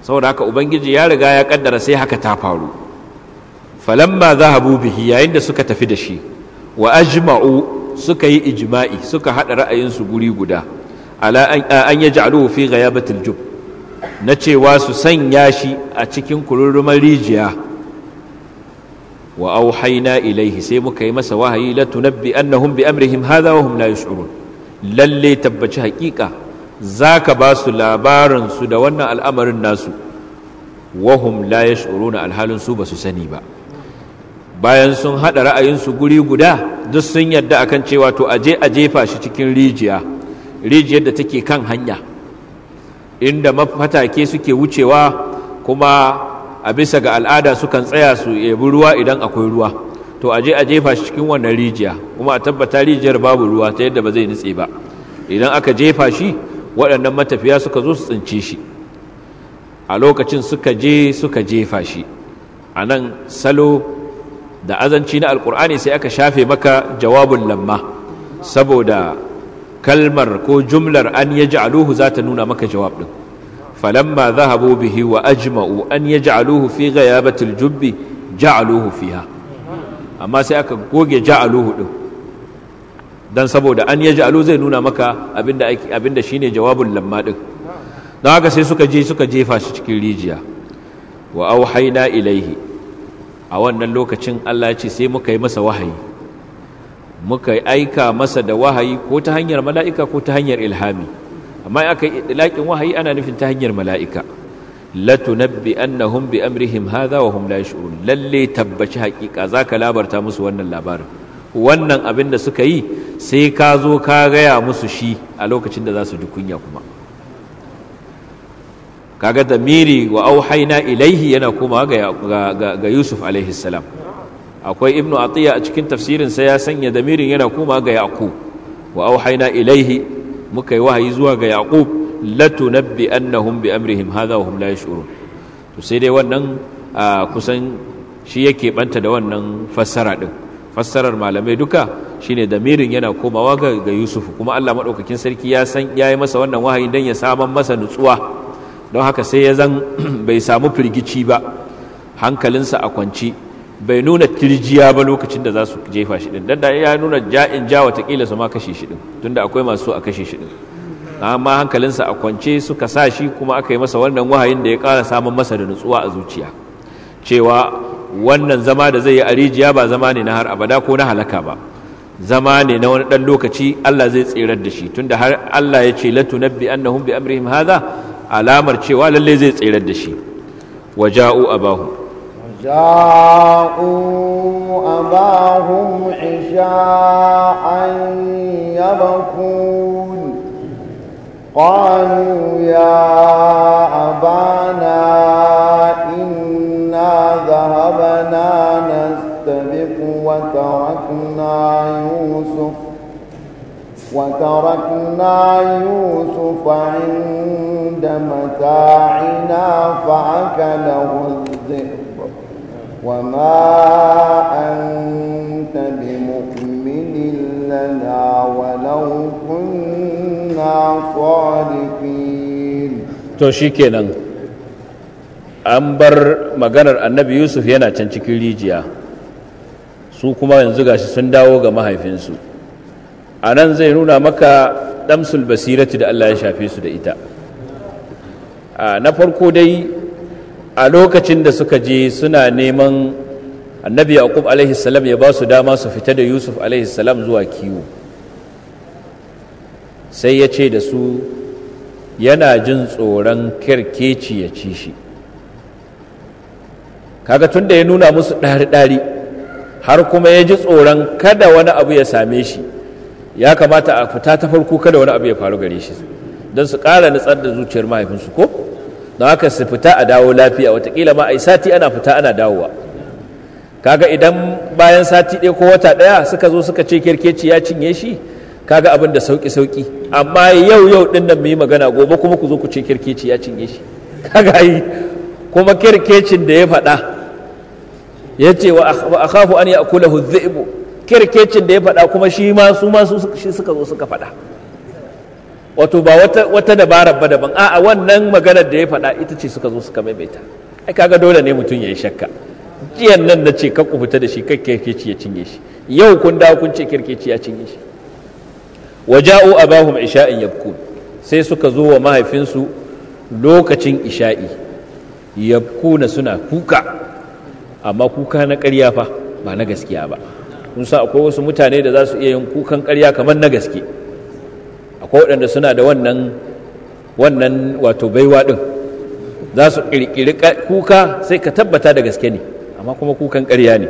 Speaker 1: saboda haka ubangiji ya riga ya kaddara sai haka ta faru falamma zahabu bihi yayin da suka tafi da shi wa ajma'u suka yi ijma'i suka hada ra'ayinsu guri guda ala an yaj'aluhu fi ghayabatil jub na cewa su sanya shi a cikin kururrumar rijiya wa auhaina ilaihi sai muka yi masa wahayi la tunabbi annahum bi amrihim hadha wa hum la yash'urun lalle tabbaci haƙiƙa za ka ba su labarinsu da wannan al'amarin nasu wahum la ya alhalin su ba su sani ba bayan sun haɗa ra'ayinsu guri guda duk sun yadda kan cewa to aje a jefa shi cikin rijiya rijiyar da take kan hanya inda mafatake suke wucewa kuma a bisa ga al'ada sukan tsaya su yabi ruwa idan akwai ruwa to aje a jefa shi cikin wannan rijiya kuma a tabbata rijiyar babu ruwa ta yadda ba zai nutse ba idan aka jefa shi waɗannan matafiya suka zo su tsince shi a lokacin suka je suka jefa shi a nan salo da azanci na alkur'ani sai aka shafe maka jawabin lamma saboda kalmar ko jumlar an ya zata za ta nuna maka jawab ɗin falamma zahabu bihi wa ajma'u an ya ja'aluhu fi ghayabatil jubbi aluhu fiya amma sai aka goge aluhu ɗin don saboda an ya ja'alu zai nuna maka abinda shi ne jawabin lamma ɗin don haka sai suka je suka jefa shi cikin rijiya wa haina ilaihi a wannan lokacin Allah ce sai muka yi masa wahayi muka aika masa da wahayi ko ta hanyar mala'ika ko ta hanyar ilhami amma aka yi ɗilaƙin wahayi ana nufin ta hanyar mala'ika latunabbi annahum bi amrihim hadha wa hum la yash'urun lalle tabbaci haƙiƙa zaka labarta musu wannan labarin wannan abin da suka yi sai ka zo ka gaya musu shi a lokacin da za su ji kunya kuma kaga miri wa auhaina ilaihi yana kuma ga yusuf alaihi salam akwai ibnu atiya a cikin tafsirin sai ya sanya damirin yana kuma ga yaqub wa auhaina ilaihi muka yi wahayi zuwa ga yaqub latunabbi annahum bi amrihim hadha wa hum la yash'urun to sai dai wannan ah, kusan shi yake banta da wannan fassara din fassarar malamai duka shine damirin yana komawa ga Yusuf kuma Allah maɗaukakin sarki ya san yayi masa wannan wahayi don ya saman masa nutsuwa don haka sai ya zan bai samu firgici ba hankalinsa a kwanci bai nuna tirjiya ba lokacin da za su jefa shi din dan da ya nuna ja'in ja watakila su ma kashe shi din tunda akwai masu a kashe shi din amma hankalinsa a kwance suka sa shi kuma aka yi masa wannan wahayin da ya ƙara samun masa da nutsuwa a zuciya cewa wannan zama da zai yi a rijiya ba zama ne na har abada ko na halaka ba zama ne na wani ɗan lokaci Allah zai tserar da shi tunda har Allah ya ce latu nabbi annahum bi amrihim alamar cewa lallai zai tserar da shi waja'u abahu
Speaker 2: ja'u abahum isha'an yabkun qalu ya abana ذهبنا نستبق وتركنا يوسف وتركنا يوسف عند متاعنا فأكله الذئب وما أنت بمؤمن لنا ولو كنا صادقين
Speaker 1: to shikenan an bar maganar annabi yusuf yana can cikin rijiya su kuma yanzu gashi sun dawo ga mahaifinsu a nan zai nuna maka damsul basirati da allah ya shafe su da ita na farko dai a lokacin da suka je suna neman annabi yaqub alaihi salam ya ba su dama su fita da yusuf alaihi salam zuwa kiwo sai ya ce da su yana jin tsoron kirkeci ya ci shi kaga tun da ya nuna musu ɗari-ɗari har kuma ya ji tsoron kada wani abu ya same shi ya kamata a fita ta farko kada wani abu ya faru gare shi don su ƙara nutsar da zuciyar mahaifinsu ko don haka su fita a dawo lafiya watakila ma a yi sati ana fita ana dawowa kaga idan bayan sati ɗaya ko wata ɗaya suka zo suka ce kirkeci ya cinye shi kaga abin da sauki sauki amma yau yau ɗin nan mu yi magana gobe kuma ku zo ku ce kirkeci ya cinye shi kaga yi kuma kirkecin da ya faɗa ya ce wa kafu an ya'kulahu kirkecin da ya faɗa kuma shi ma su shi suka zo suka faɗa wato ba wata dabarar ba daban a'a wannan maganar da ya faɗa ita ce suka zo suka maimaita ai kaga dole ne mutum ya yi shakka jiyan nan na ce ka ku fita da shi kai kirkeci ya cinye shi yau kun dawo kun ce kirkeci ya cinye shi waja'u abahum isha'in yabkun sai suka zo wa mahaifinsu lokacin isha'i yabkuna suna kuka amma kuka na ƙarya fa ba na gaskiya ba kun sa akwai wasu mutane da za su iya yin kukan ƙarya kamar na gaske akwai waɗanda suna da wannan wannan wato baiwa ɗin za su ƙirƙiri kuka sai ka tabbata da gaske ne amma kuma kukan ƙarya ne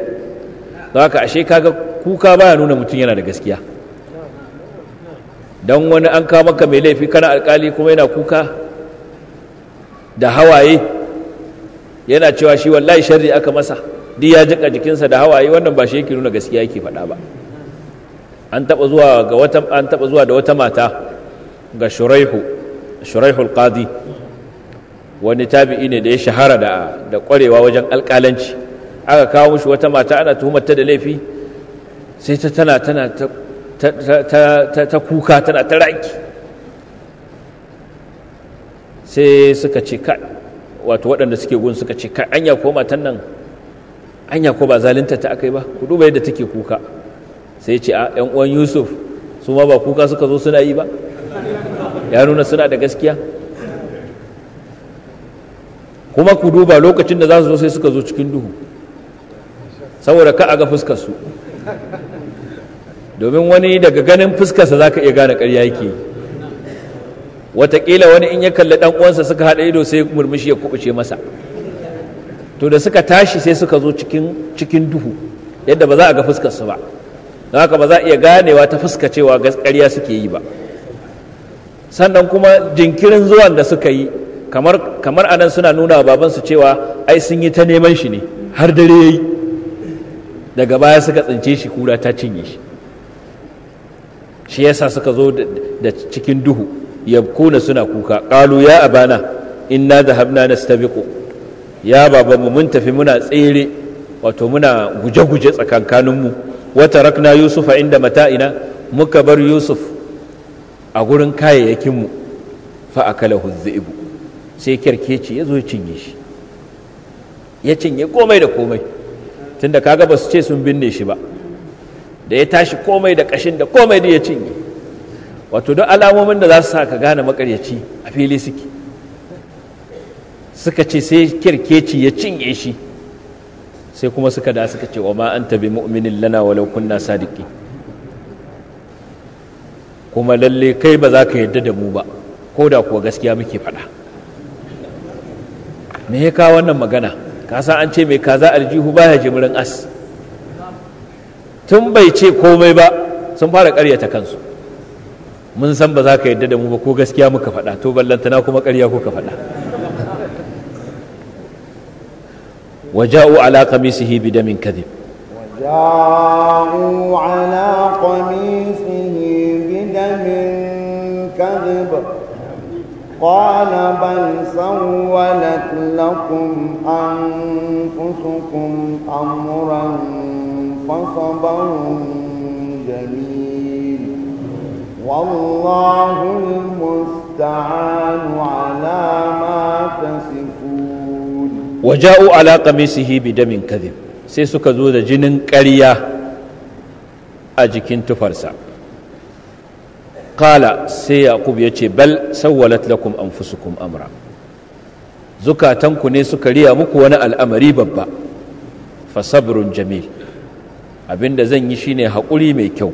Speaker 1: don haka ashe kaga kuka baya nuna mutum yana da gaskiya don wani an kawo maka mai laifi kana alkali kuma yana kuka da hawaye yana cewa shi wallahi sharri aka masa duk ya jika jikinsa da hawaye wannan ba shi yake nuna gaskiya yake faɗa ba an taɓa zuwa ga wata an taɓa zuwa da wata mata ga shuraihu shuraihu qadi wani tabi'i ne da ya shahara da da ƙwarewa wajen alƙalanci aka kawo mushi wata mata ana tuhumar ta da laifi sai ta tana tana ta ta kuka tana ta raki sai suka ce wato waɗanda suke gun suka ce kai anya ko matan nan anya ko ba zalunta ta akai ba ku duba yadda take kuka sai ce a ƴan uwan Yusuf su ma ba kuka suka zo suna yi ba ya nuna suna da gaskiya kuma ku duba lokacin da za su zo sai suka zo cikin duhu saboda ka aga ga fuskarsu domin wani daga ganin fuskarsa za ka iya gane ƙarya yake yi wataƙila wani in ya kalli dan uwansa suka haɗa ido sai murmushi ya kubuce masa to da suka tashi sai suka zo cikin cikin duhu yadda ba za a ga fuskar su ba don haka ba za a iya ganewa ta fuska cewa gaskariya suke yi ba sannan kuma jinkirin zuwan da suka yi kamar kamar anan suna nuna wa babansu cewa ai sun yi ta neman shi ne har dare yayi daga baya suka tsince shi kura ta cinye shi shi yasa suka zo da cikin duhu yabkuna suna kuka qalu ya abana inna dhahabna nastabiqu ya babanmu mun tafi muna tsere wato muna guje-guje tsakankaninmu wata rakna yusufa inda mata'ina muka bar yusuf a gurin kayayyakinmu fa akalahu dhi'bu sai kyarkeci ya zo ya cinye shi ya cinye komai da komai tunda kaga ba su ce sun binne shi ba da ya tashi komai da kashin da komai da ya cinye wato don alamomin da za su sa ka gane makaryaci a fili suke suka ce sai kirkeci ya cinye shi sai kuma suka da suka ce wa ma an tabi mu'minin lana walau kunna sadiki kuma lalle kai ba za ka yarda da mu ba ko da kuwa gaskiya muke faɗa me ya kawo wannan magana ka san an ce mai kaza aljihu baya jimrin as tun bai ce komai ba sun fara karyata kansu mun san ba za ka yadda da mu ba ko gaskiya muka faɗa to ballantana kuma karya kuka faɗa wa ja'u ala qamisihi bi damin kadhib
Speaker 2: wa ja'u ala qamisihi bi damin kadhib qala bal sawwalat lakum anfusukum amran fa sabrun jamil والله المستعان على ما تصفون
Speaker 1: وجاءوا على قميصه بدم كذب sai suka zo da jinin ƙarya a jikin tufarsa kala sai Yakubu ya ce bal sawwalat lakum anfusukum amra zukatanku ne suka riya muku wani al'amari babba fasabrun jamil abinda zan yi shine haƙuri mai kyau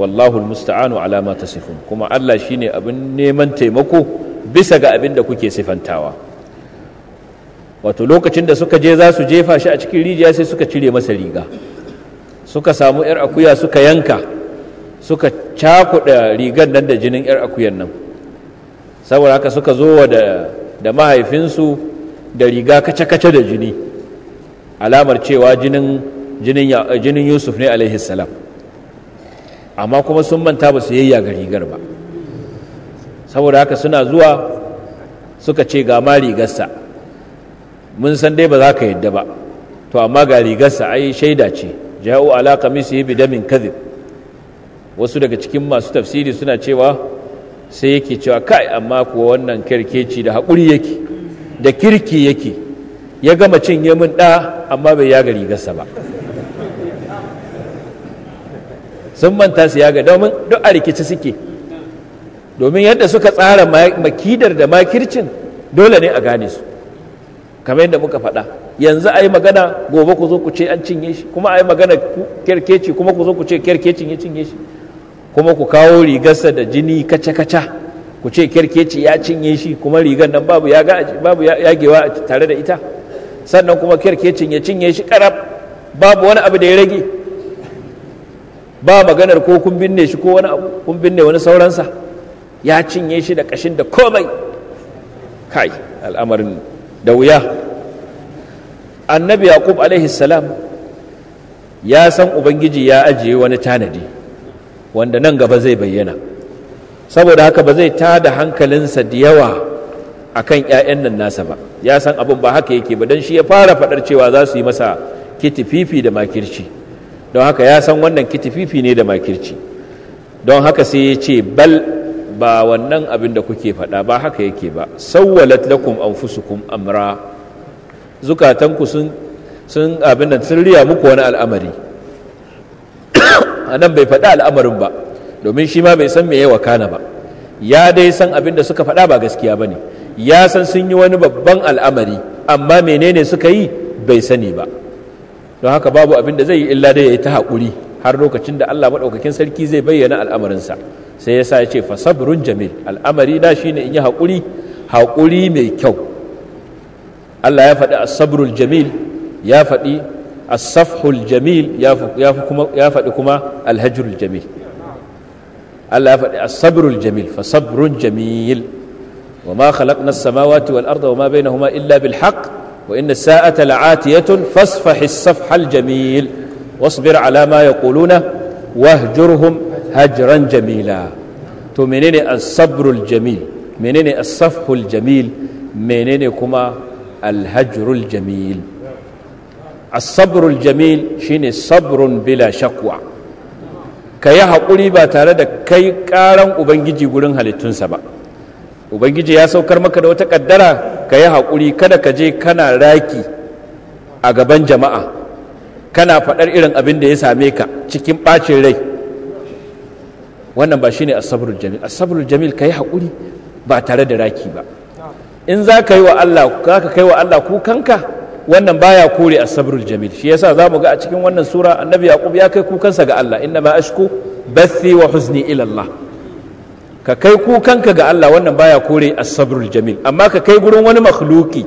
Speaker 1: wallahu musta'anu ala ma tasifun kuma Allah shine abin neman taimako bisa ga abin da kuke sifantawa wato lokacin da suka je za su jefa shi a cikin rijiya sai suka cire masa riga suka samu yar akuya suka yanka suka cakuɗa rigar nan da jinin yar akuyan nan saboda haka suka zo da da mahaifinsu da riga kace-kace da jini alamar cewa jinin jinin Yusuf ne alaihi salam amma kuma sun manta ba su yayya ga rigar ba saboda haka suna zuwa suka ce ga ma rigarsa mun san dai ba za ka yadda ba to amma ga rigarsa ai shaida ce ja'u ala bi bidamin kadhib wasu daga cikin masu tafsiri suna cewa sai yake cewa kai amma kuwa wannan kirkeci da hakuri yake da kirki yake ya gama cin min ɗa amma bai yaga rigarsa ba sun manta su ga domin duk a rikici suke domin yadda suka tsara makidar da makircin dole ne a gane su kamar yadda muka faɗa yanzu a yi magana gobe ku zo ku ce an cinye shi kuma a yi magana kerkeci kuma ku zo ku ce kerkecin ya cinye shi kuma ku kawo rigarsa da jini kaca-kaca ku ce kerkeci ya cinye shi kuma rigar nan babu ya babu yagewa tare da ita sannan kuma kerkecin ya cinye shi karab babu wani abu da ya rage ba maganar ko kun binne shi ko wani abu kun binne wani sauransa ya cinye shi da kashin da komai kai al'amarin da wuya annabi yaqub alaihi salam ya san ubangiji ya ajiye wani tanadi wanda nan gaba zai bayyana saboda haka ba zai ta da hankalinsa da yawa akan 'ya'yan nan nasa ba ya san abin ba haka yake ba don shi ya fara faɗar cewa za su yi masa kiti fifi da makirci don haka ya san wannan kitififi ne da makirci don haka sai ya ce bal ba wannan abin da kuke faɗa ba haka yake ba sauwalat lakum anfusukum amra zukatanku sun sun abin da sun riya muku wani al'amari anan bai faɗa al'amarin ba domin shi ma bai san me yawa kana ba ya dai san abin da suka faɗa ba gaskiya ba ne ya san sun yi wani babban al'amari amma menene suka yi bai sani ba don haka babu abin da zai yi illa dai ya yi ta haƙuri har lokacin da Allah maɗaukakin sarki zai bayyana al'amarinsa sai ya sa ya ce fasabrun jamil al'amari na shine in yi haƙuri haƙuri mai kyau Allah ya faɗi asabrul jamil ya faɗi asafhul jamil ya faɗi kuma alhajrul jamil Allah ya faɗi asabrul jamil fasabrun jamil wa ma khalaqna as-samawati wal arda wa ma bainahuma illa bil wa inna sa'ata la'atiyatun fasfahi as-safha al-jamil wasbir ala ma yaquluna wahjurhum hajran jamila to menene as-sabrul jamil menene as-safhul jamil menene kuma alhajrul jamil as-sabrul jamil shine sabrun bila shakwa kayi haƙuri ba tare da kai ƙaran ubangiji wurin halittunsa ba ubangiji ya saukar maka da wata ƙaddara ka yi haƙuri kada ka je kana raki a gaban jama'a kana faɗar irin abin da ya same ka cikin ɓacin rai wannan ba ne asabrul jamil asabrul jamil ka yi haƙuri ba tare da raki ba in za ka yi wa Allah za ka kai wa Allah kukanka wannan baya kore asabrul jamil shi yasa za mu ga a cikin wannan sura annabi yaqub ya kai kukansa ga Allah inna ma ashku bathi wa huzni ila Allah ka kai kukanka ga Allah wannan baya kore a sabrul jamil amma ka kai gurin wani makhluki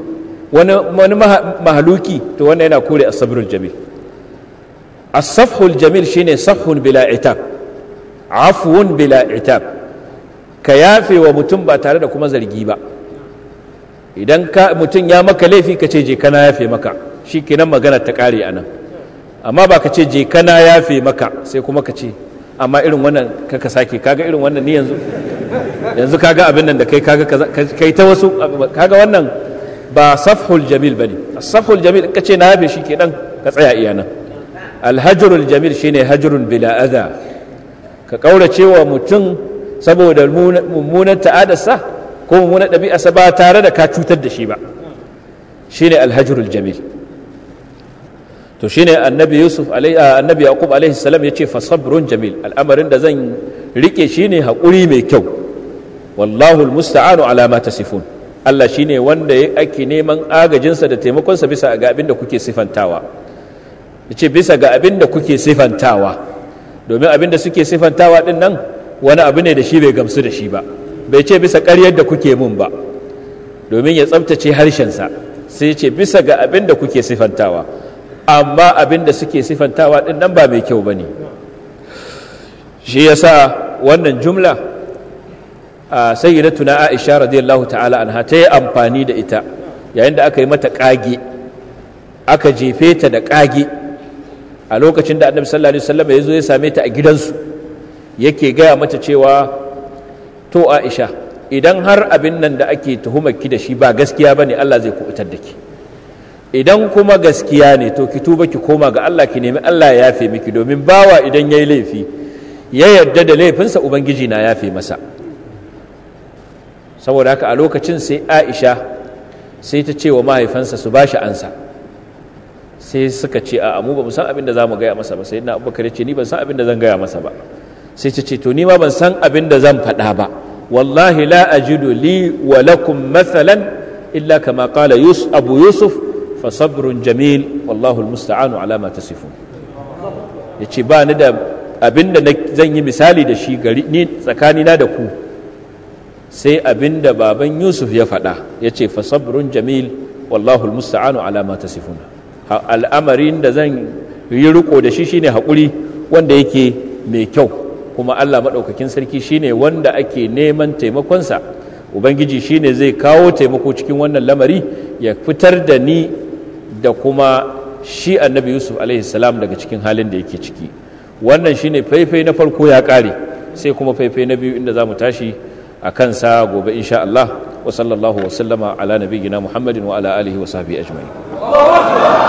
Speaker 1: wani wani mahaluki to wannan yana kore a sabrul jamil as-safhul jamil shine safhun bila itab afwun bila itab ka yafe wa mutum ba tare da kuma zargi ba idan ka mutum ya maka laifi ka ce je kana yafe maka shikenan magana ta kare anan amma ba ka ce je kana yafe maka sai kuma ka ce amma irin wannan kaka sake kaga irin wannan ni yanzu yanzu kaga abin nan da kai kaga kai ta wasu kaga wannan ba safhul jamil bane safhul jamil in kace na yafe shi dan ka tsaya iya nan alhajrul jamil shine hajrun bila adha ka kaurace wa mutum saboda mummunan ta'adarsa ko mummunan ɗabi'arsa ba tare da ka cutar da shi ba shine alhajrul jamil to shine annabi yusuf annabi yaqub alaihi salam yace fa sabrun jamil al'amarin da zan rike shine hakuri mai kyau wallahu almusta'anu ala ma tasifun Allah shine wanda ake neman agajinsa da taimakonsa bisa ga abin da kuke sifantawa yace bisa ga abin da kuke sifantawa domin abin da suke sifantawa din nan wani abu ne da shi bai gamsu da shi ba bai ce bisa ƙaryar da kuke mun ba domin ya tsabtace harshensa sai ce bisa ga abin da kuke sifantawa amma abin da suke sifantawa ɗin nan ba mai kyau ba ne shi ya sa wannan jumla a tuna aisha radiyallahu ta'ala anha ta yi amfani da ita yayin da aka yi mata ƙage aka jefe ta da ƙage a lokacin da annabi sallallahu alaihi wasallam ya zo ya same ta a gidansu yake gaya mata cewa to aisha idan har abin nan da ake tuhumar ki da shi ba gaskiya ba ne Allah zai kubutar da ki idan kuma gaskiya ne to ki tuba ki koma ga Allah ki nemi Allah ya yafe miki domin bawa idan yayi laifi ya yarda da laifinsa ubangiji na yafe masa saboda haka a lokacin sai Aisha sai ta ce wa mahaifansa su bashi ansa sai suka ce a mu ba mu san abin da zamu gaya masa ba sai na Abubakar ya ce ni ban san abin da zan gaya masa ba sai ta ce to ni ma ban san abin da zan faɗa ba wallahi la ajidu li wa lakum mathalan illa kama qala yus abu yusuf fa sabrun jamil wallahu almusta'anu ala ma yace ba ni da zan yi misali da shi gari ni tsakanina da ku sai abinda baban Yusuf ya faɗa yace ce fasabrun jamil wallahu almusta'anu ala ma al'amarin da zan yi riko da shi shine hakuri wanda yake mai kyau kuma Allah maɗaukakin sarki shine wanda ake neman taimakonsa ubangiji shine zai kawo taimako cikin wannan lamari ya fitar da ni da kuma shi annabi yusuf salam daga cikin halin da yake ciki wannan shine faifai na farko ya kare sai kuma faifai na biyu inda za mu tashi a kansa gobe insha Allah wa sallallahu wa sallama ala Muhammadin wa ala alihi wa sahbihi
Speaker 2: ajma'in